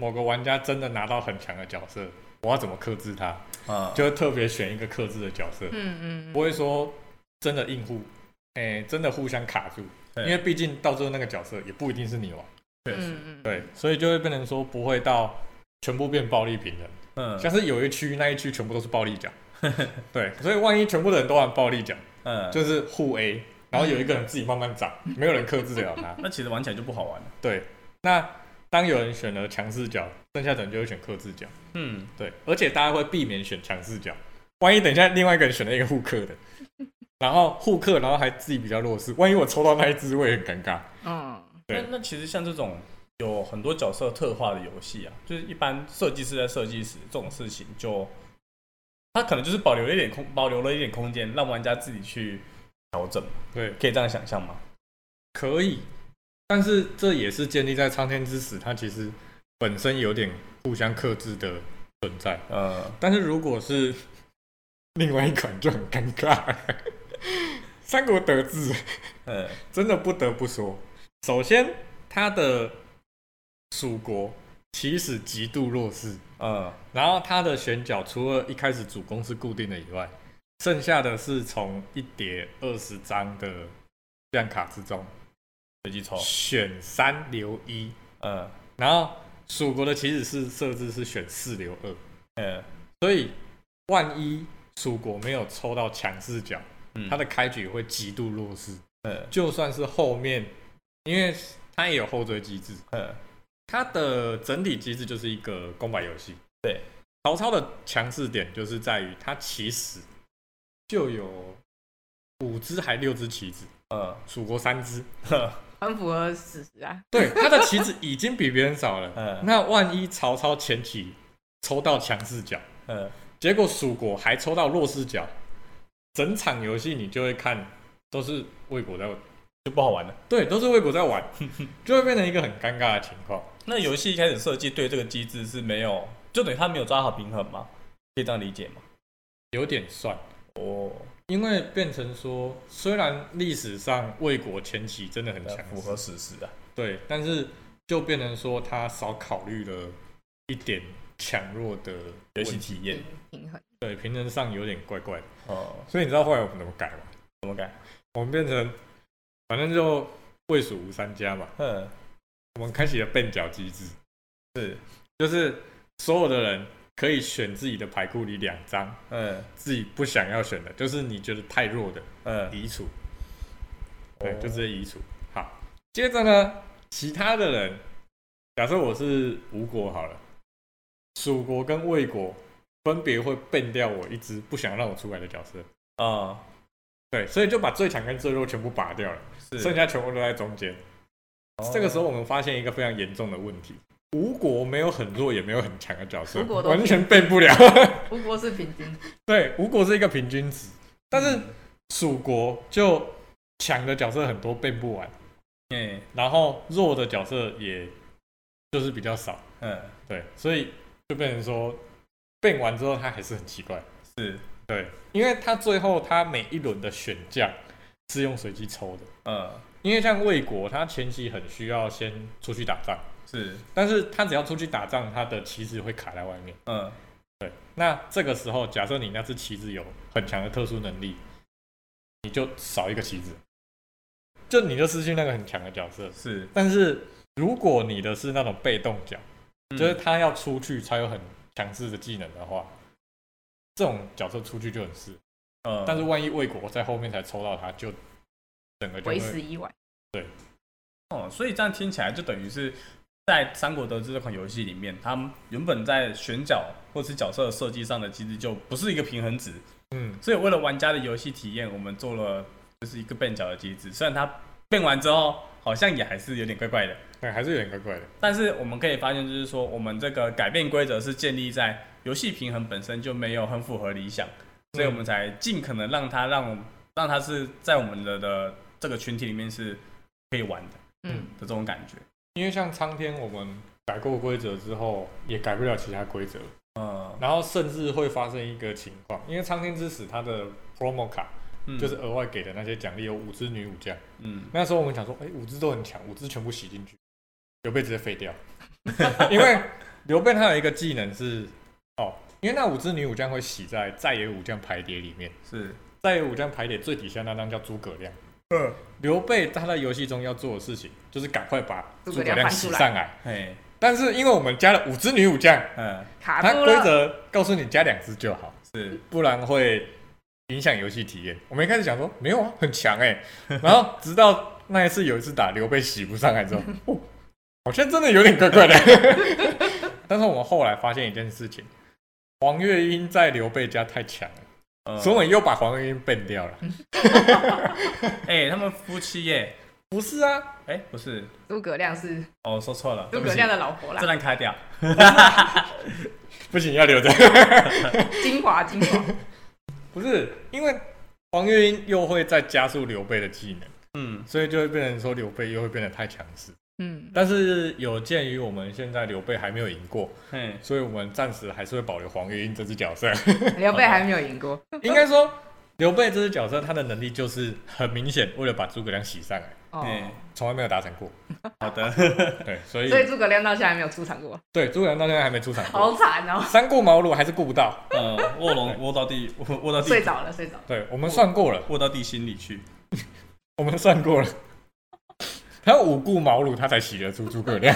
某個玩家真的拿到很強的角色，我要怎麼克制他？啊、oh.，就會特別選一個克制的角色。嗯嗯，不會說真的硬互，哎、欸，真的互相卡住。因為畢竟到最後那個角色也不一定是你玩。確實，嗯，對，所以就會變成說不會到全部變暴力平衡。嗯，像是有一區那一區全部都是暴力角 對，所以萬一全部的人都玩暴力角，嗯，就是互 A，然後有一個人自己慢慢長 沒有人克制得了他，那其實玩起來就不好玩了。對，那。當有人選了強勢角，剩下的人就會選克制角。嗯，對，而且大家會避免選強勢角。萬一等一下另外一個人選了一個互克的，然後互克，然後還自己比較弱勢，萬一我抽到那一只，我也很尷尬。嗯，對，那那其實像這種有很多角色特化的遊戲啊，就是一般設計師在設計時這種事情就，就他可能就是保留了一點空，保留了一點空間，讓玩家自己去調整。對，可以這樣想象嗎？可以。但是這也是建立在蒼天之死它其實本身有點互相克制的存在。呃，但是如果是另外一款就很尷尬。三國得志，呃，真的不得不說，首先他的蜀國其實極度弱勢，呃，然後他的選角除了一開始主公是固定的以外，剩下的是從一疊二十張的樣卡之中。隨機抽選三留一，呃，然後蜀國的棋子是設置是選四留二，呃，所以萬一蜀國沒有抽到強勢角，他的開局會極度弱勢，呃，就算是後面，因為他也有後追機制，呃，它的整體機制就是一個攻板遊戲，對，曹操的強勢點就是在於他其實就有五隻還六隻棋子。呃、嗯，蜀國三隻，很符合事實啊。對，他的棋子已經比別人少了。 嗯，那萬一曹操前期抽到強勢角，嗯，結果蜀國還抽到弱勢角，整場遊戲你就會看都是魏國在，就不好玩了。對，都是魏國在玩，呵呵就會變成一個很尷尬的情況。那遊戲一開始設計對這個機制是沒有，就等於他沒有抓好平衡嗎？可以這樣理解嗎？有點算哦。因為變成說，雖然歷史上魏國前期真的很強，符合史實啊，對，但是就變成說他少考慮了一點強弱的遊戲體驗、嗯、平衡，對，平衡上有點怪怪的。哦，所以你知道後來我們怎麼改嗎？怎麼改？我們變成反正就魏蜀吳三家嘛。嗯。我們開啟了絆腳機制，是，就是所有的人。可以選自己的牌庫裡兩張，嗯，自己不想要選的，就是你覺得太弱的，嗯，移除、嗯，對，哦、就直接移除。好，接着呢，其他的人，假設我是吳國好了，蜀國跟魏國分別會 ban 掉我一隻不想讓我出來的角色，啊、嗯，對，所以就把最強跟最弱全部拔掉了，剩下全部都在中間、哦。這個時候我們發現一個非常嚴重的問題。吳國沒有很弱，也沒有很強的角色，完全 ban 不了。吳國是平均， 對，吳國是一個平均值。嗯、但是蜀國就強的角色很多 ban 不完，哎、嗯，然後弱的角色也就是比較少，嗯，對，所以就變成說 ban 完之後他還是很奇怪，是，對，因為他最後他每一輪的選將是用隨機抽的，嗯，因為像魏國，他前期很需要先出去打仗。是，但是他只要出去打仗，他的棋子會卡在外面。嗯，對。那這個時候，假設你那只棋子有很強的特殊能力，你就少一個棋子，就你就失去那個很強的角色。是，但是如果你的是那種被動角，嗯、就是他要出去才有很強勢的技能的話，這種角色出去就很失。嗯，但是萬一魏國在後面才抽到他，就整個就為時已晚。對。哦，所以這樣聽起來就等於是。在《三國得志》這款遊戲裡面，它原本在選角或是角色設計上的機制就不是一個平衡值。嗯，所以為了玩家的遊戲體驗，我們做了就是一個變角的機制。雖然它變完之後好像也還是有點怪怪的，對、嗯，還是有點怪怪的。但是我們可以發現，就是說我們這個改變規則是建立在遊戲平衡本身就沒有很符合理想，所以我們才盡可能讓它讓我、嗯、讓它是在我們的的這個群體裡面是可以玩的，嗯的這種感覺。因為像蒼天，我們改過規則之後，也改不了其他規則。嗯，然後甚至會發生一個情況，因為蒼天之死，它的 promo 卡、嗯、就是額外給的那些獎勵有五支女武將。嗯，那時候我們想說，哎、欸，五支都很強，五支全部洗進去，劉備直接廢掉。 因為劉備他有一個技能是，哦，因為那五支女武將會洗在在野武將牌疊裡面，是在野武將牌疊最底下那張叫諸葛亮。呃，劉備他在遊戲中要做的事情就是趕快把諸葛亮洗上來，嗯。但是因為我們加了五支女武將，嗯，他規則告訴你加兩支就好，是不然會影響遊戲體驗。我們一開始想說沒有啊，很強哎，欸，然後直到那一次有一次打劉備洗不上來之後，哦，好像真的有點怪怪的。 但是我們後來發現一件事情，黃月英在劉備家太強了。昨、呃、晚又把黃月英 Ban 掉了。哎、 欸，他們夫妻耶，欸？不是啊，哎、欸，不是，諸葛亮是哦，說錯了，諸葛亮的老婆啦，自然開掉， 不行，要留着， 精華精華，不是因為黃月英又會再加速劉備的技能，嗯，所以就會變成說劉備又會變得太強勢。嗯，但是有鑒於我們現在劉備還沒有贏過，嗯，所以我們暫時還是會保留黃月英這隻角色。劉備還沒有贏過， 應該說劉備這隻角色他的能力就是很明顯為了把諸葛亮洗上來，嗯、哦，從來沒有達成過。好的， 對，所以所以諸葛亮到現在還沒有出場過。對，諸葛亮到現在還沒出場過，好慘哦！三顧茅廬還是顧不到，呃，臥龍臥到地臥臥到地睡着了，睡着。對，我們算過了，臥到地心裡去， 我們算過了。他要五顧茅廬，他才洗得出諸葛亮。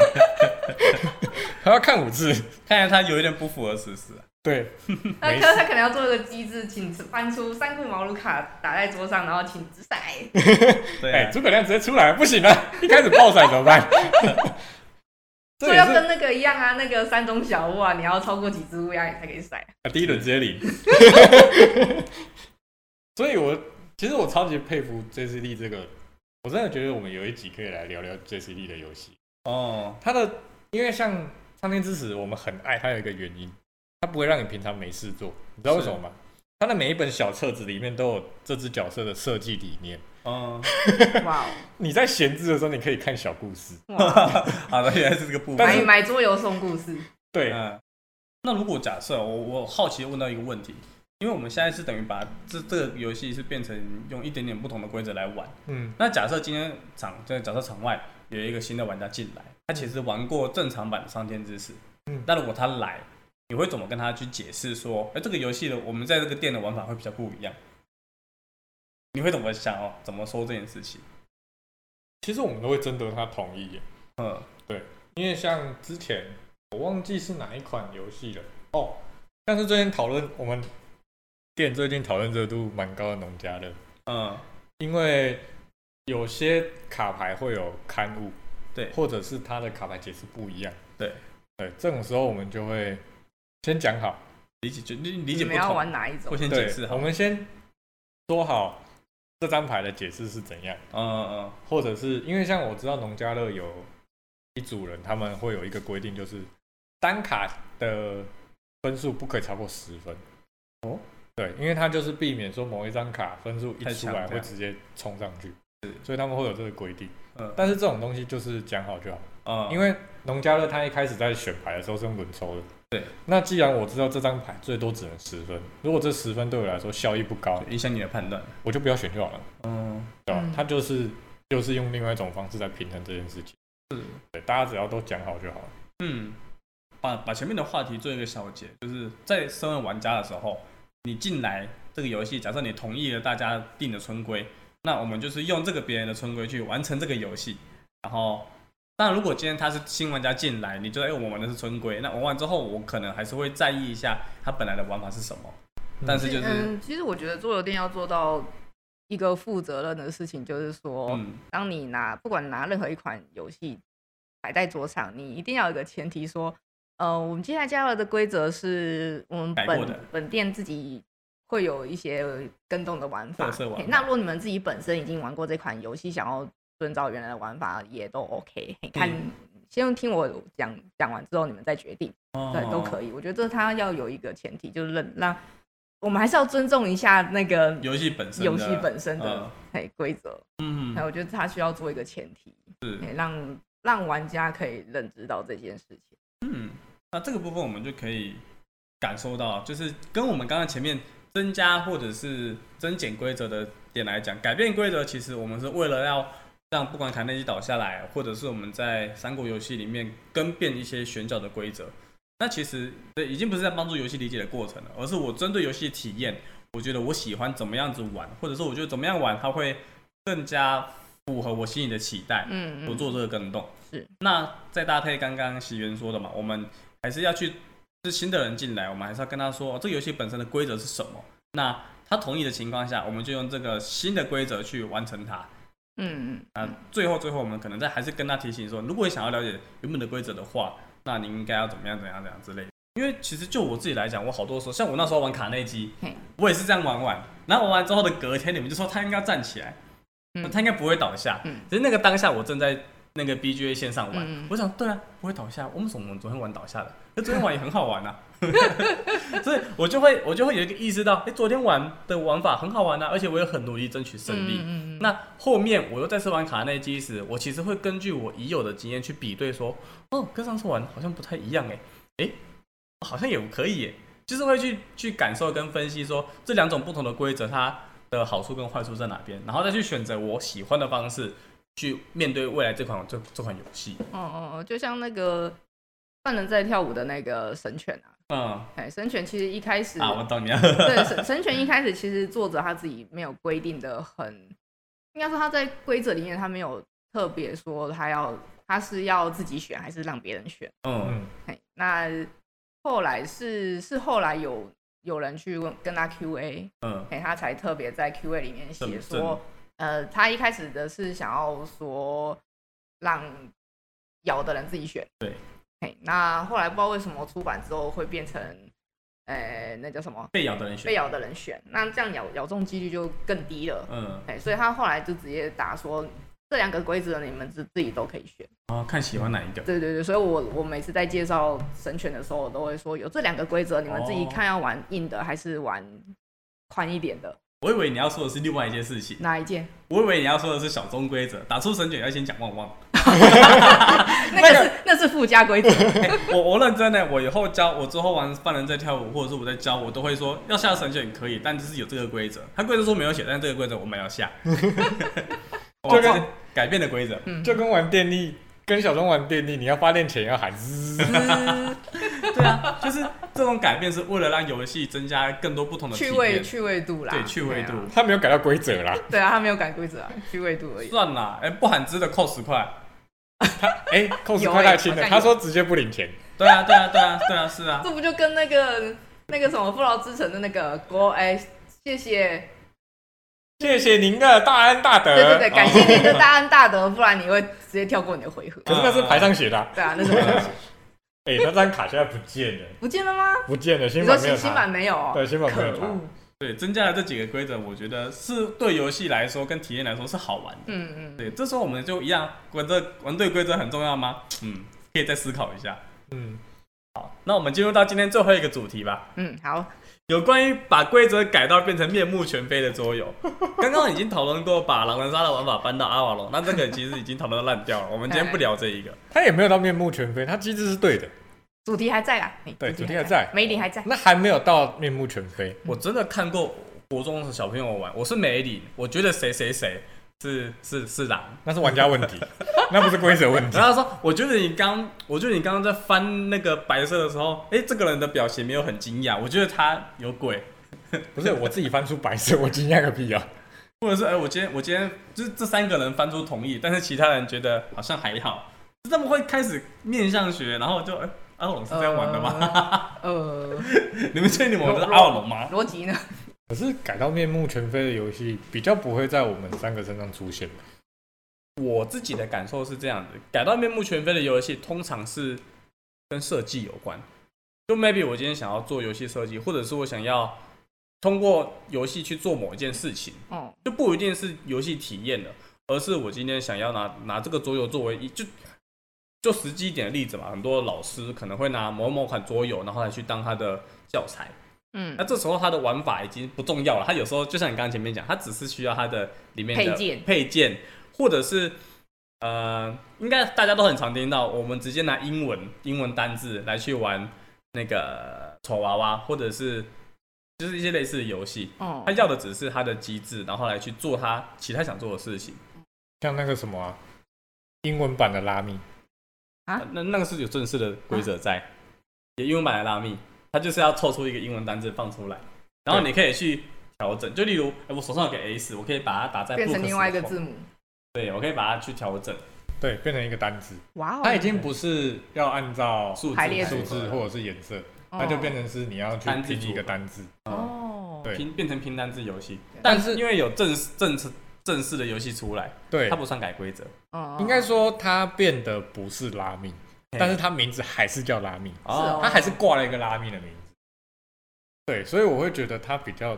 他要看五次，看來他有一點不符合事實、啊。對， 沒事，他可能要做一個機制，請翻出三顧茅廬卡打在桌上，然後請直甩 、啊欸。哎，諸葛亮直接出來了不行啊！一開始爆甩怎麼辦？所 以 要跟那個一樣啊，那個山中小屋啊，你要超過幾隻烏鴉你才可以甩。第一輪直接領、嗯。 所以我其實我超級佩服 JCD 這個。我真的覺得我們有一集可以來聊聊 J C D 的遊戲哦、嗯。它的因為像《蒼天之死》，我們很愛它有一個原因，它不會讓你平常沒事做。你知道為什麼嗎？它的每一本小冊子裡面都有這只角色的設計理念。嗯、哦， 哇、哦！你在閒置的時候，你可以看小故事。哦、 好的，原來是這個部分。買 買桌遊送故事。對。嗯、那如果假設我，我好奇問到一個問題。因為我們現在是等於把這這個遊戲是變成用一點點不同的規則來玩，嗯，那假設今天場在假設場外有一個新的玩家進來，他其實玩過正常版的《蒼天之死》。嗯，那如果他來，你會怎麼跟他去解釋說，哎、呃，這個遊戲的我們在這個店的玩法會比較不一樣？你會怎麼想哦？怎麼說這件事情？其實我們都會徵得他同意，嗯，對，因為像之前我忘記是哪一款遊戲了哦，但是之前討論我們。店最近討論熱度蠻高的農家樂，嗯，因為有些卡牌會有刊物，對，或者是他的卡牌解釋不一樣，對，對，這種時候我們就會先講好，理解就理理解不同，你們要玩哪一種，會先解釋好，我們先說好這張牌的解釋是怎樣，嗯嗯，嗯，或者是因為像我知道農家樂有一組人他們會有一個規定，就是單卡的分數不可以超過十分，哦。對，因為他就是避免說某一張卡分數，一出來會直接衝上去，是去，所以他們會有這個規定。嗯、呃，但是這種東西就是講好就好。嗯、呃，因為農家樂他一開始在選牌的時候是用輪抽的。對，那既然我知道這張牌最多只能十分，如果這十分對我來說效益不高，影響你的判斷，我就不要選就好了。呃啊、嗯，對吧？他就是就是用另外一種方式在平衡這件事情。是，對，大家只要都講好就好了。嗯，把把前面的話題做一個小結，就是在身為玩家的時候。你進來這個遊戲，假設你同意了大家定的村規，那我們就是用這個別人的村規去完成這個遊戲。然後，那如果今天他是新玩家進來，你覺得哎，我玩的是村規，那玩完之後我可能還是會在意一下他本來的玩法是什麼。嗯、但是就是、嗯，其實我覺得桌遊店要做到一個負責任的事情，就是說，嗯、當你拿不管拿任何一款遊戲擺在桌上，你一定要有個前提說。呃，我們接下來加入的規則是我們本本店自己會有一些更動的玩法。設設玩法，那如果你們自己本身已經玩過這款遊戲，想要遵照原來的玩法，也都 OK。看，嗯，先聽我講講完之後，你們再決定。哦，對，都可以。我覺得它要有一個前提，就是認讓我們還是要尊重一下那個遊戲本身，遊戲本身的規則。哦，嗯、啊，我覺得它需要做一個前提，是讓讓玩家，可以認知到這件事情。嗯，那這個部分我們就可以感受到，就是跟我們剛剛前面增加或者是增減規則的點來講，改變規則其實我們是為了要讓不管卡內基倒下來，或者是我們在三國遊戲裡面更變一些選角的規則。那其實對，已經不是在幫助遊戲理解的過程了，而是我針對遊戲體驗，我覺得我喜歡怎麼樣子玩，或者說我覺得怎麼樣玩它會更加。符合我心裡的期待，嗯嗯，不做這個更動。是，那再搭配剛剛席源說的嘛，我們還是要去，是新的人進來，我們還是要跟他說、哦、這個遊戲本身的規則是什麼。那他同意的情況下，我們就用這個新的規則去完成它。嗯嗯。啊，最後最後我們可能再還是跟他提醒說，如果你想要了解原本的規則的話，那你應該要怎麼樣怎樣怎樣之類。因為其實就我自己來講，我好多時候像我那時候玩卡內基，我也是這樣玩玩，然後玩完之後的隔天，你們就說他應該要站起來。嗯、他應該不會倒下，嗯，只是那個當下我正在那個 B G A 線上玩，嗯、我想對啊，不會倒下。我們昨我們昨天玩倒下的，那昨天玩也很好玩啊， 所以我就會我就會有一個意識到，哎，昨天玩的玩法很好玩啊，而且我也很努力爭取勝利。嗯、那後面我又再次玩卡內基時，我其實會根據我已有的經驗去比對說，說哦，跟上次玩好像不太一樣，欸，哎哎，好像也可以，欸，哎，就是會去去感受跟分析說這兩種不同的規則它的好處跟壞處在哪邊，然後再去選擇我喜歡的方式去面對未來這款這這款遊戲。哦哦哦，就像那個犯人在跳舞的那個神犬啊，嗯，哎，神犬其實一開始啊，我懂你了。 對，神神犬一開始其實作者他自己沒有規定的很，應該說他在規則裡面他沒有特別說他要他是要自己選還是讓別人選。嗯，嘿，那後來是是後來有，有人去問跟他 Q A，哎、嗯欸，他才特別在 Q A 裡面寫說、嗯，呃，他一開始的是想要說讓咬的人自己選，對，欸、那後來不知道為什麼出版之後會變成，呃、欸，那叫什麼被咬的人選被咬的人選，那這樣咬咬中幾率就更低了，嗯、欸，所以他後來就直接答說。這兩個規則你們自自己都可以選啊、哦，看喜歡哪一個。對對對，所以我我每次在介紹神犬的時候，我都會說有這兩個規則，你們自己看要玩硬的還是玩寬一點的。哦、我以為你要說的是另外一件事情，哪一件？我以為你要說的是小宗規則，打出神犬要先講旺旺。 那個是那個那是附加規則。 欸、我我認真的、欸，我以後教我之後玩犯人在跳舞，或者是我在教，我都會說要下神犬可以，但就是有這個規則。他規則說沒有寫，但這個規則我們要下。這 個 跟、哦。 改變的規則、嗯，就跟玩電力，跟小中玩電力，你要發電前要喊滋、嗯。對啊， 就是這種改變是為了讓遊戲增加更多不同的趣味趣味度啦。對趣味度、啊，他沒有改到規則啦。對啊，他沒有改規則啊，趣味度而已。 算了，哎、欸，不喊滋的扣十塊。他哎，扣十塊太輕了、欸。他說直接不領錢 對、啊。對啊，對啊，對啊，對啊，是啊。 這不就跟那個那個什麼《富饒之城》的那個國哎、欸，謝謝。謝謝您的大恩大德。對對對，感謝您的大恩大德，哦、 不然你會直接跳過你的回合。可是那是牌上寫的。對、嗯、啊、嗯 欸，那是牌上寫的。哎，這張卡現在不見了。不見了嗎？不見了。新版沒有，說沒有、哦。對新版沒有。對，增加了這幾個規則，我覺得是對遊戲來說跟體驗來說是好玩的。嗯嗯。對，這時候我們就一樣，管這玩對規則很重要嗎？嗯，可以再思考一下。嗯。好，那我們進入到今天最後一個主題吧。嗯，好。有關於把規則改到變成面目全非的桌遊，剛 剛已經討論過把狼人殺的玩法搬到阿瓦隆， 那這個其實已經討論爛掉了。 我們今天不聊這一個，它也沒有到面目全非，它機制，制，制，制，制，制是對的，主題還在啊。對，主題還在，梅林還、哦、還在，那還沒有到面目全非。嗯、我真的看過國中的小朋友玩，我是梅林，我覺得誰誰誰。是是是啦， 那是玩家問題， 那不是規則問題。然後他說：“我覺得你剛，我覺得你剛剛在翻那個白色的時候，哎、欸，這個人的表現沒有很驚訝，我覺得他有鬼。 不是我自己翻出白色，我驚訝個屁啊、喔！ 或者是哎、欸，我今天我今天就是這三個人翻出同意，但是其他人覺得好像還好。這麼會開始面相學，然後就，欸、奧龍是這樣玩的嗎？呃，呃 你們確定你們玩的是奧龍嗎？邏輯呢？” 可是改到面目全非的遊戲，比較不會在我們三個身上出現吧。我自己的感受是這樣子：改到面目全非的遊戲，通常是跟設計有關。就 maybe 我今天想要做遊戲設計，或者是我想要通過遊戲去做某一件事情，哦，就不一定是遊戲體驗了，而是我今天想要拿拿這個桌遊作為一就就實際一點的例子嘛。很多老師可能會拿某某款桌遊，然後來去當他的教材。嗯，那、啊、這時候它的玩法已經不重要了。它有時候就像你剛剛前面講，它只是需要它的裡面的配件，配件或者是呃，應該大家都很常聽到，我們直接拿英文英文單字來去玩那個醜娃娃，或者是就是一些類似的遊戲。哦，他要的只是他的機制，然後來去做他其他想做的事情。像那個什麼啊？英文版的拉密啊，那那個是有正式的規則在，啊、英文版的拉密。它就是要湊出一個英文單字放出來，然後你可以去調整，就例如，哎、欸，我手上有個 S，我可以把它打在的變成另外一個字母。對，我可以把它去調整，對，變成一個單字。哇哦！它已經不是要按照數字、數字或者是顏色，它、哦、就變成是你要去拼一個單字。哦，對，哦、拼變成拼單字遊戲，但是因為有正式、正式、正式的遊戲出來，對，它不算改規則。哦，應該說它變得不是拉密。但是他名字還是叫拉米，oh, 他還是掛了一個拉米的名字、哦。對，所以我會覺得他比較，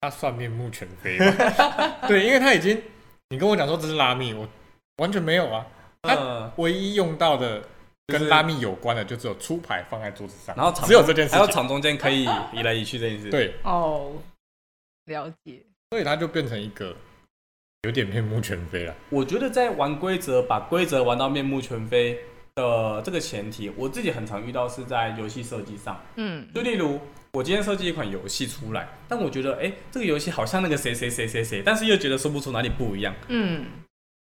他算面目全非 對，因為他已經，你跟我講說這是拉米，我完全沒有啊、嗯。他唯一用到的跟拉米有關的，就只有出牌放在桌子上、就是，然後只有這件事，還有場中間可以移來移去這件事。 對，哦、oh,，了解。所以他就變成一個有點面目全非了。我覺得在玩規則，把規則玩到面目全非的這個前提，我自己很常遇到是在遊戲設計上，嗯，就例如我今天設計一款遊戲出來，但我覺得，哎、欸，這個遊戲好像那個誰誰誰誰誰，但是又覺得說不出哪裡不一樣，嗯，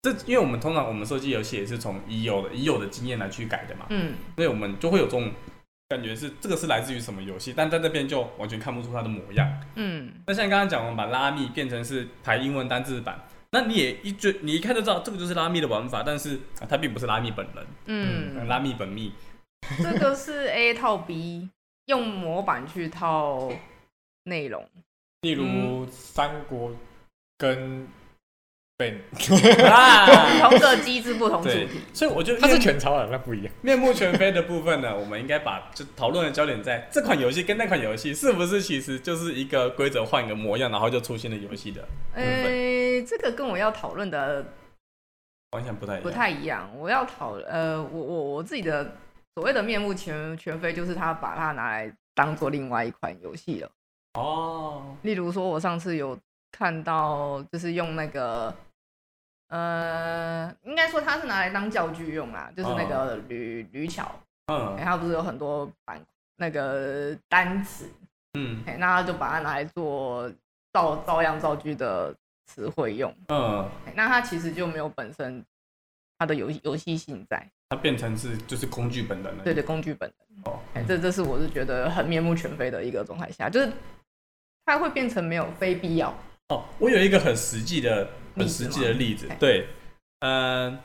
這因為我們通常我們設計遊戲也是從已有的已有的經驗來去改的嘛，嗯，所以我們就會有這種感覺是這個是來自於什麼遊戲，但在這邊就完全看不出它的模樣，嗯，那像剛剛講我們把拉密變成是台英文單字版。那你也一就你一看就知道，這個就是拉米的玩法，但是啊，他並不是拉米本人。嗯，拉米本米、嗯，這個是 A 套 B， 用模板去套內容，例如三國跟。 啊，同個機製不同主題，所以我覺得它是全抄了，那不一樣。 面目全非的部分呢，我們應該把就討論的焦點在這款遊戲跟那款遊戲是不是其實就是一個規則換一個模樣，然後就出現了遊戲的。誒、欸嗯，這個跟我要討論的完全不太一樣，不太一樣。我要討呃，我我我自己的所謂的面目全全非，就是他把它拿來當做另外一款遊戲了。哦，例如說，我上次有看到就是用那個。呃，應該說它是拿來當教具用啦，就是那個鋁鋁橋，嗯、呃，它、呃欸、不是有很多板那個單詞，嗯、欸、那它就把它拿來做照照樣造句的詞彙用，嗯、呃欸、那它其實就沒有本身它的遊遊戲性在，它變成是就是工具本人了，對對，工具本人。哦，這、欸嗯、這是我是覺得很面目全非的一個狀態下，就是它會變成沒有非必要。哦、oh，我有一個很實際的、很實際的例子。嗯 okay. 對，呃，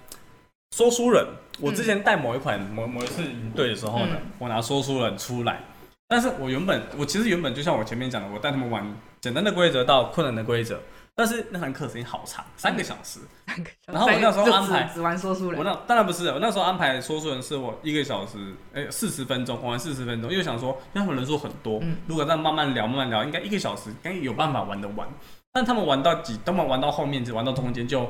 說書人，嗯、我之前帶某一款、某、嗯、某一次隊的時候呢、嗯，我拿說書人出來、嗯。但是我原本，我其實原本就像我前面講的，我帶他們玩簡單的規則到困難的規則。但是那堂課時間好長、嗯三，三個小時。然後我那時候安排只，只玩說書人，我那當然不是。我那時候安排說書人是我一個小時，哎、欸，四十分鐘，我玩四十分鐘。又想說，因為他們人數很多，嗯、如果這樣慢慢聊、慢慢聊，應該一個小時，應該有辦法玩得完。但他們玩到幾，他們玩到後面，只玩到中間就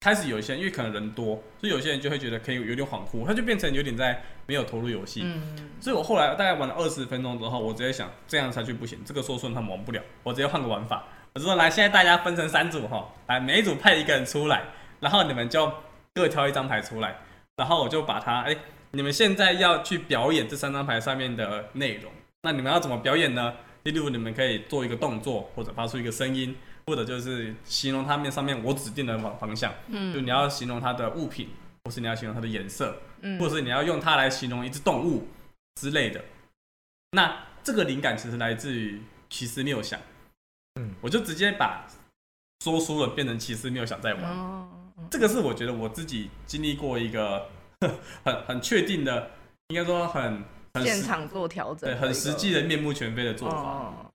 開始有一些人，因為可能人多，所以有些人就會覺得可以有點恍惚，他就變成有點在沒有投入遊戲。嗯嗯。所以我後來大概玩了二十分鐘之後，我直接想這樣下去不行，這個說穿他們玩不了，我直接換個玩法。我說來，現在大家分成三組哈，來每一組派一個人出來，然後你們就各挑一張牌出來，然後我就把它，哎、欸，你們現在要去表演這三張牌上面的內容，那你們要怎麼表演呢？例如你們可以做一個動作，或者發出一個聲音。或者就是形容它面上面我指定的方方向，嗯，就你要形容它的物品，或是你要形容它的顏色，嗯，或是你要用它來形容一只動物之類的。那這個靈感其實來自於奇思妙想，嗯，我就直接把說書的變成奇思妙想在玩。哦，這個是我覺得我自己經歷過一個很很確定的，應該說很很現場做調整，對，很實際的面目全非的做法。哦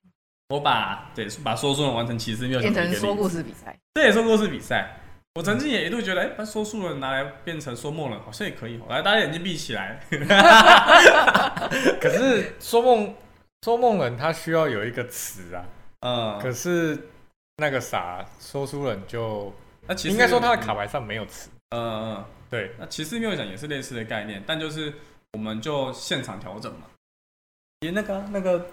我把對把說書人完成奇思妙想，變成說故事比賽，這也是說故事比賽。我曾經也一度覺得，哎、嗯欸，把說書人拿來變成說夢人，好像也可以。來，大家眼睛閉起來。 可是說夢 說夢人他需要有一個詞啊。嗯。可是那個啥說書人就那其實應該說他的卡牌上沒有詞。嗯嗯。對，那奇思妙想也是類似的概念，但就是我們就現場調整嘛。也、欸、那個、啊、那個。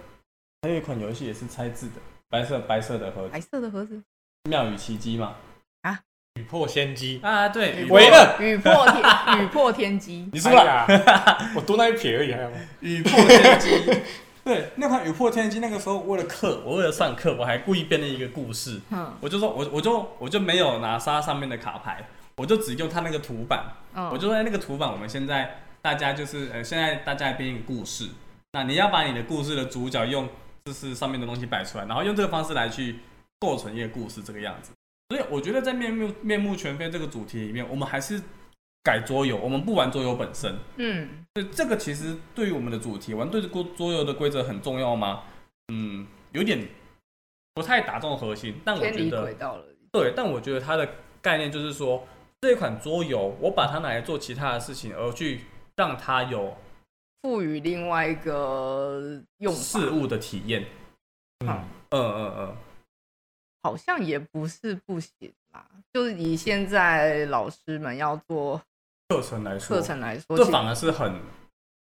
還有一款遊戲也是猜字的，白色白色的盒子，白色的盒子，《妙語奇機》嗎？啊，語破天機啊，對，為了語破語破天機， 你輸了，哎、 我多那一撇而已，還有語破天機， 對，那款語破天機，那個時候我為了課，我為了上課，我還故意編了一個故事，嗯，我就說我我就我就，我就沒有拿沙上面的卡牌，我就只用它那個圖板，嗯、哦，我就說那個圖板，我們現在大家就是呃，現在大家來編一個故事，那你要把你的故事的主角用。就是上面的東西擺出來，然後用這個方式來去構成一個故事，這個樣子。所以我覺得在面目面目全非這個主題裡面，我們還是改桌遊，我們不玩桌遊本身。嗯，所以這個其實對於我們的主題玩對桌桌遊的規則很重要嗎？嗯，有點不太打中核心。但我覺得了對，但我覺得它的概念就是說，這一款桌遊我把它拿來做其他的事情，而去讓它有。賦予另外一個用事物的體驗。嗯嗯嗯嗯、呃呃，好像也不是不行吧？就是以現在老師們要做課程來說，課程來說，這反而是很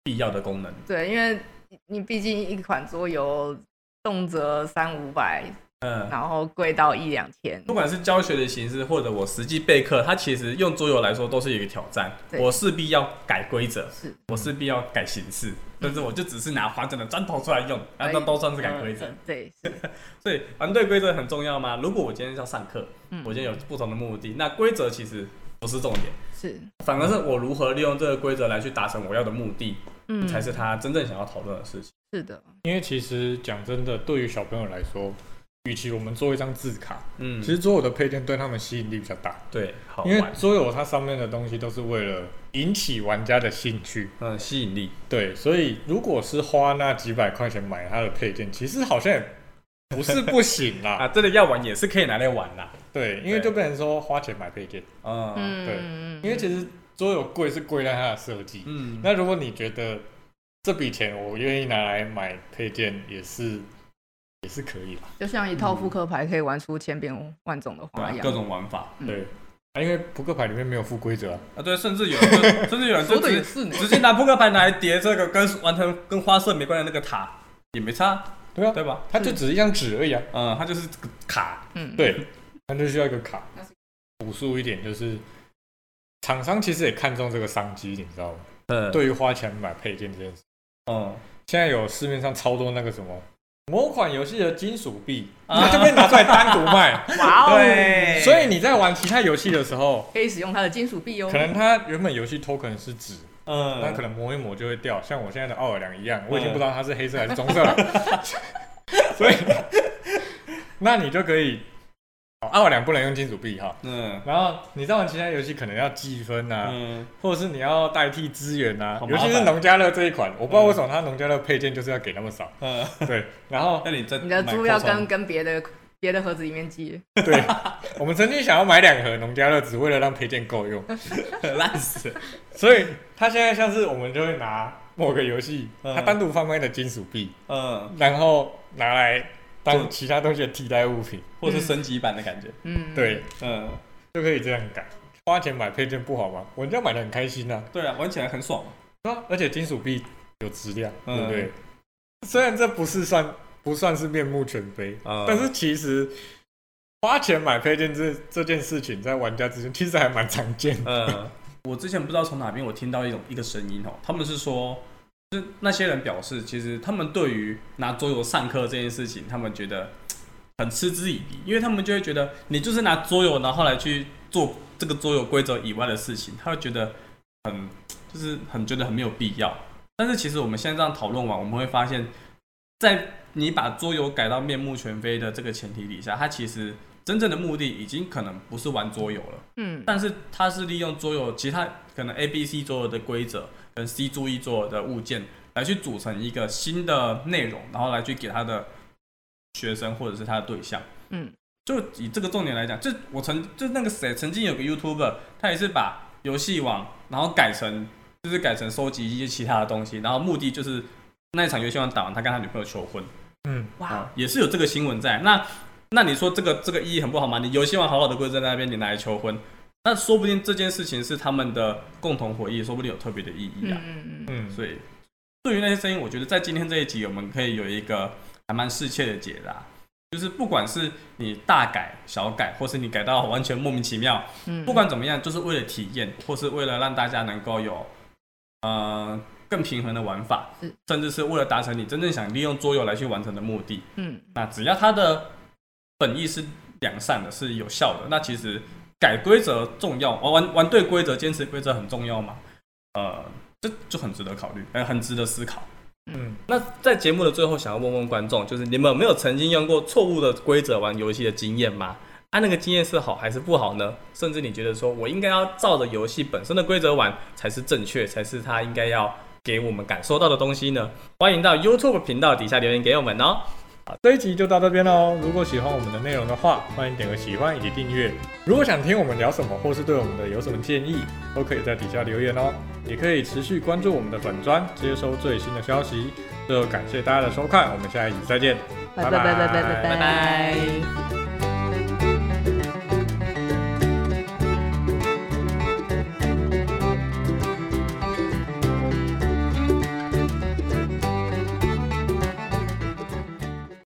必要的功能。對，因為你畢竟一款桌遊動輒三五百。嗯，然後跪到一兩天。不管是教學的形式，或者我實際備課，它其實用桌遊來說，都是一個挑戰。我勢必要改規則，是我勢必要改形式，嗯、但是我就只是拿完整的磚頭出來用，那都算是改規則。對， 所以玩對規則很重要嗎？如果我今天要上課、嗯，我今天有不同的目的，那規則其實不是重點，是反而是我如何利用這個規則來去達成我要的目的，嗯，才是他真正想要討論的事情。是的，因為其實講真的，對於小朋友來說。與其我們做一張字卡，嗯，其實桌遊的配件對他們吸引力比較大，對好，因為桌遊它上面的東西都是為了引起玩家的興趣，嗯，吸引力，對，所以如果是花那幾百塊錢買它的配件，其實好像不是不行啦， 啊，這個要玩也是可以拿來玩啦，對，對因為就變成說花錢買配件，嗯，對，因為其實桌遊貴是貴在它的設計，嗯，那如果你覺得這筆錢我願意拿來買配件，也是。也是可以的，就像一套撲克牌可以玩出千變萬種的花樣、嗯，各種玩法。對，嗯啊、因為撲克牌裡面沒有附規則啊。對，甚至有，人 甚至有人直接拿撲克牌拿來疊這個跟完成 跟花色沒關係的那個塔，也沒差。對啊，對吧？它就只是一張紙而已啊。嗯，它就是這個卡。嗯，對，那就需要一個卡。樸 素一點就是，廠商其實也看中這個商機，你知道嗎？嗯，對於花錢買配件這件事嗯。嗯，現在有市面上超多那個什麼。某款遊戲的金屬幣，它、嗯、就被拿出來單獨賣、嗯。對，所以你在玩其他遊戲的時候，可以使用它的金屬幣哦。可能它原本遊戲 token 是紙，嗯，但可能磨一磨就會掉。像我現在的奧爾良一樣、嗯，我已經不知道它是黑色還是棕色了、嗯。所以， 那你就可以。啊，奧爾良不能用金屬幣哈，嗯，然後你知道玩其他遊戲可能要積分吶、啊，嗯，或者是你要代替資源吶、啊，尤其是農家樂這一款、嗯，我不知道為什麼他農家樂配件就是要給那麼少，嗯，對，然後你，你的豬要跟跟別的別的盒子裡面寄，對，我們曾經想要買兩盒農家樂，只為了讓配件夠用，爛死，所以他現在像是我們就會拿某個遊戲、嗯，他單獨販賣的金屬幣，嗯，然後拿來。當其他東西的替代物品，或是升級版的感覺，嗯，對，嗯，就可以這樣改。花錢買配件不好嗎？玩家買得很開心啊。對啊，玩起來很爽啊。啊，而且金屬幣有質量、嗯，對不對？雖然這不是算不算是面目全非，嗯、但是其實花錢買配件這這件事情，在玩家之間其實還蠻常見的、嗯。我之前不知道從哪邊我聽到一種一個聲音哦，他們是說。是那些人表示，其實他們對於拿桌遊上課這件事情，他們覺得很嗤之以鼻，因為他們就會覺得你就是拿桌遊，然後來去做這個桌遊規則以外的事情，他會覺得很就是很覺得很沒有必要。但是其實我們現在這樣討論完，我們會發現，在你把桌遊改到面目全非的這個前提底下，它其實。真正的目的已經可能不是玩桌遊了，嗯，但是他是利用桌遊其他可能 A、B、C 桌遊的規則跟 C 注意桌的物件來去組成一個新的內容，然後來去給他的學生或者是他的對象，嗯，就以這個重點來講，就我曾就那個誰曾經有個 YouTuber，他也是把遊戲王然後改成就是改成收集一些其他的東西，然後目的就是那一場遊戲王打完，他跟他女朋友求婚，嗯，哇，嗯，也是有這個新聞在那。那你說這個這個意義很不好嗎？你遊戲玩，好好的跪在那邊，你拿來求婚，那說不定這件事情是他們的共同回憶，說不定有特別的意義啊。嗯嗯嗯。所以對於那些聲音，我覺得在今天這一集，我們可以有一個還蠻適切的解答，就是不管是你大改、小改，或是你改到完全莫名其妙，不管怎麼樣，就是為了體驗，或是為了讓大家能夠有呃更平衡的玩法，甚至是為了達成你真正想利用桌遊來去完成的目的。嗯，那只要他的。本意是良善的，是有效的。那其實改規則重要，玩玩玩對規則、堅持規則很重要嘛？呃，這就很值得考慮，很值得思考。嗯，那在節目的最後，想要問問觀眾，就是你們有沒有曾經用過錯誤的規則玩遊戲的經驗嗎？按、啊、那個經驗是好還是不好呢？甚至你覺得說我應該要照着遊戲本身的規則玩，才是正確，才是他應該要給我們感受到的東西呢？歡迎到 YouTube 頻道底下留言給我們哦、喔。好，這一集就到這邊嘍。如果喜歡我們的內容的話，歡迎點，點個喜歡以及訂閱。如果想聽我們聊什麼，或是對我們的有什麼建議，都可以在底下留言哦、喔。也可以持續關注我們的粉專，接收最新的消息。最後感謝大家的收看，我們下一集再見，拜拜拜拜拜拜拜拜。拜拜拜拜拜拜。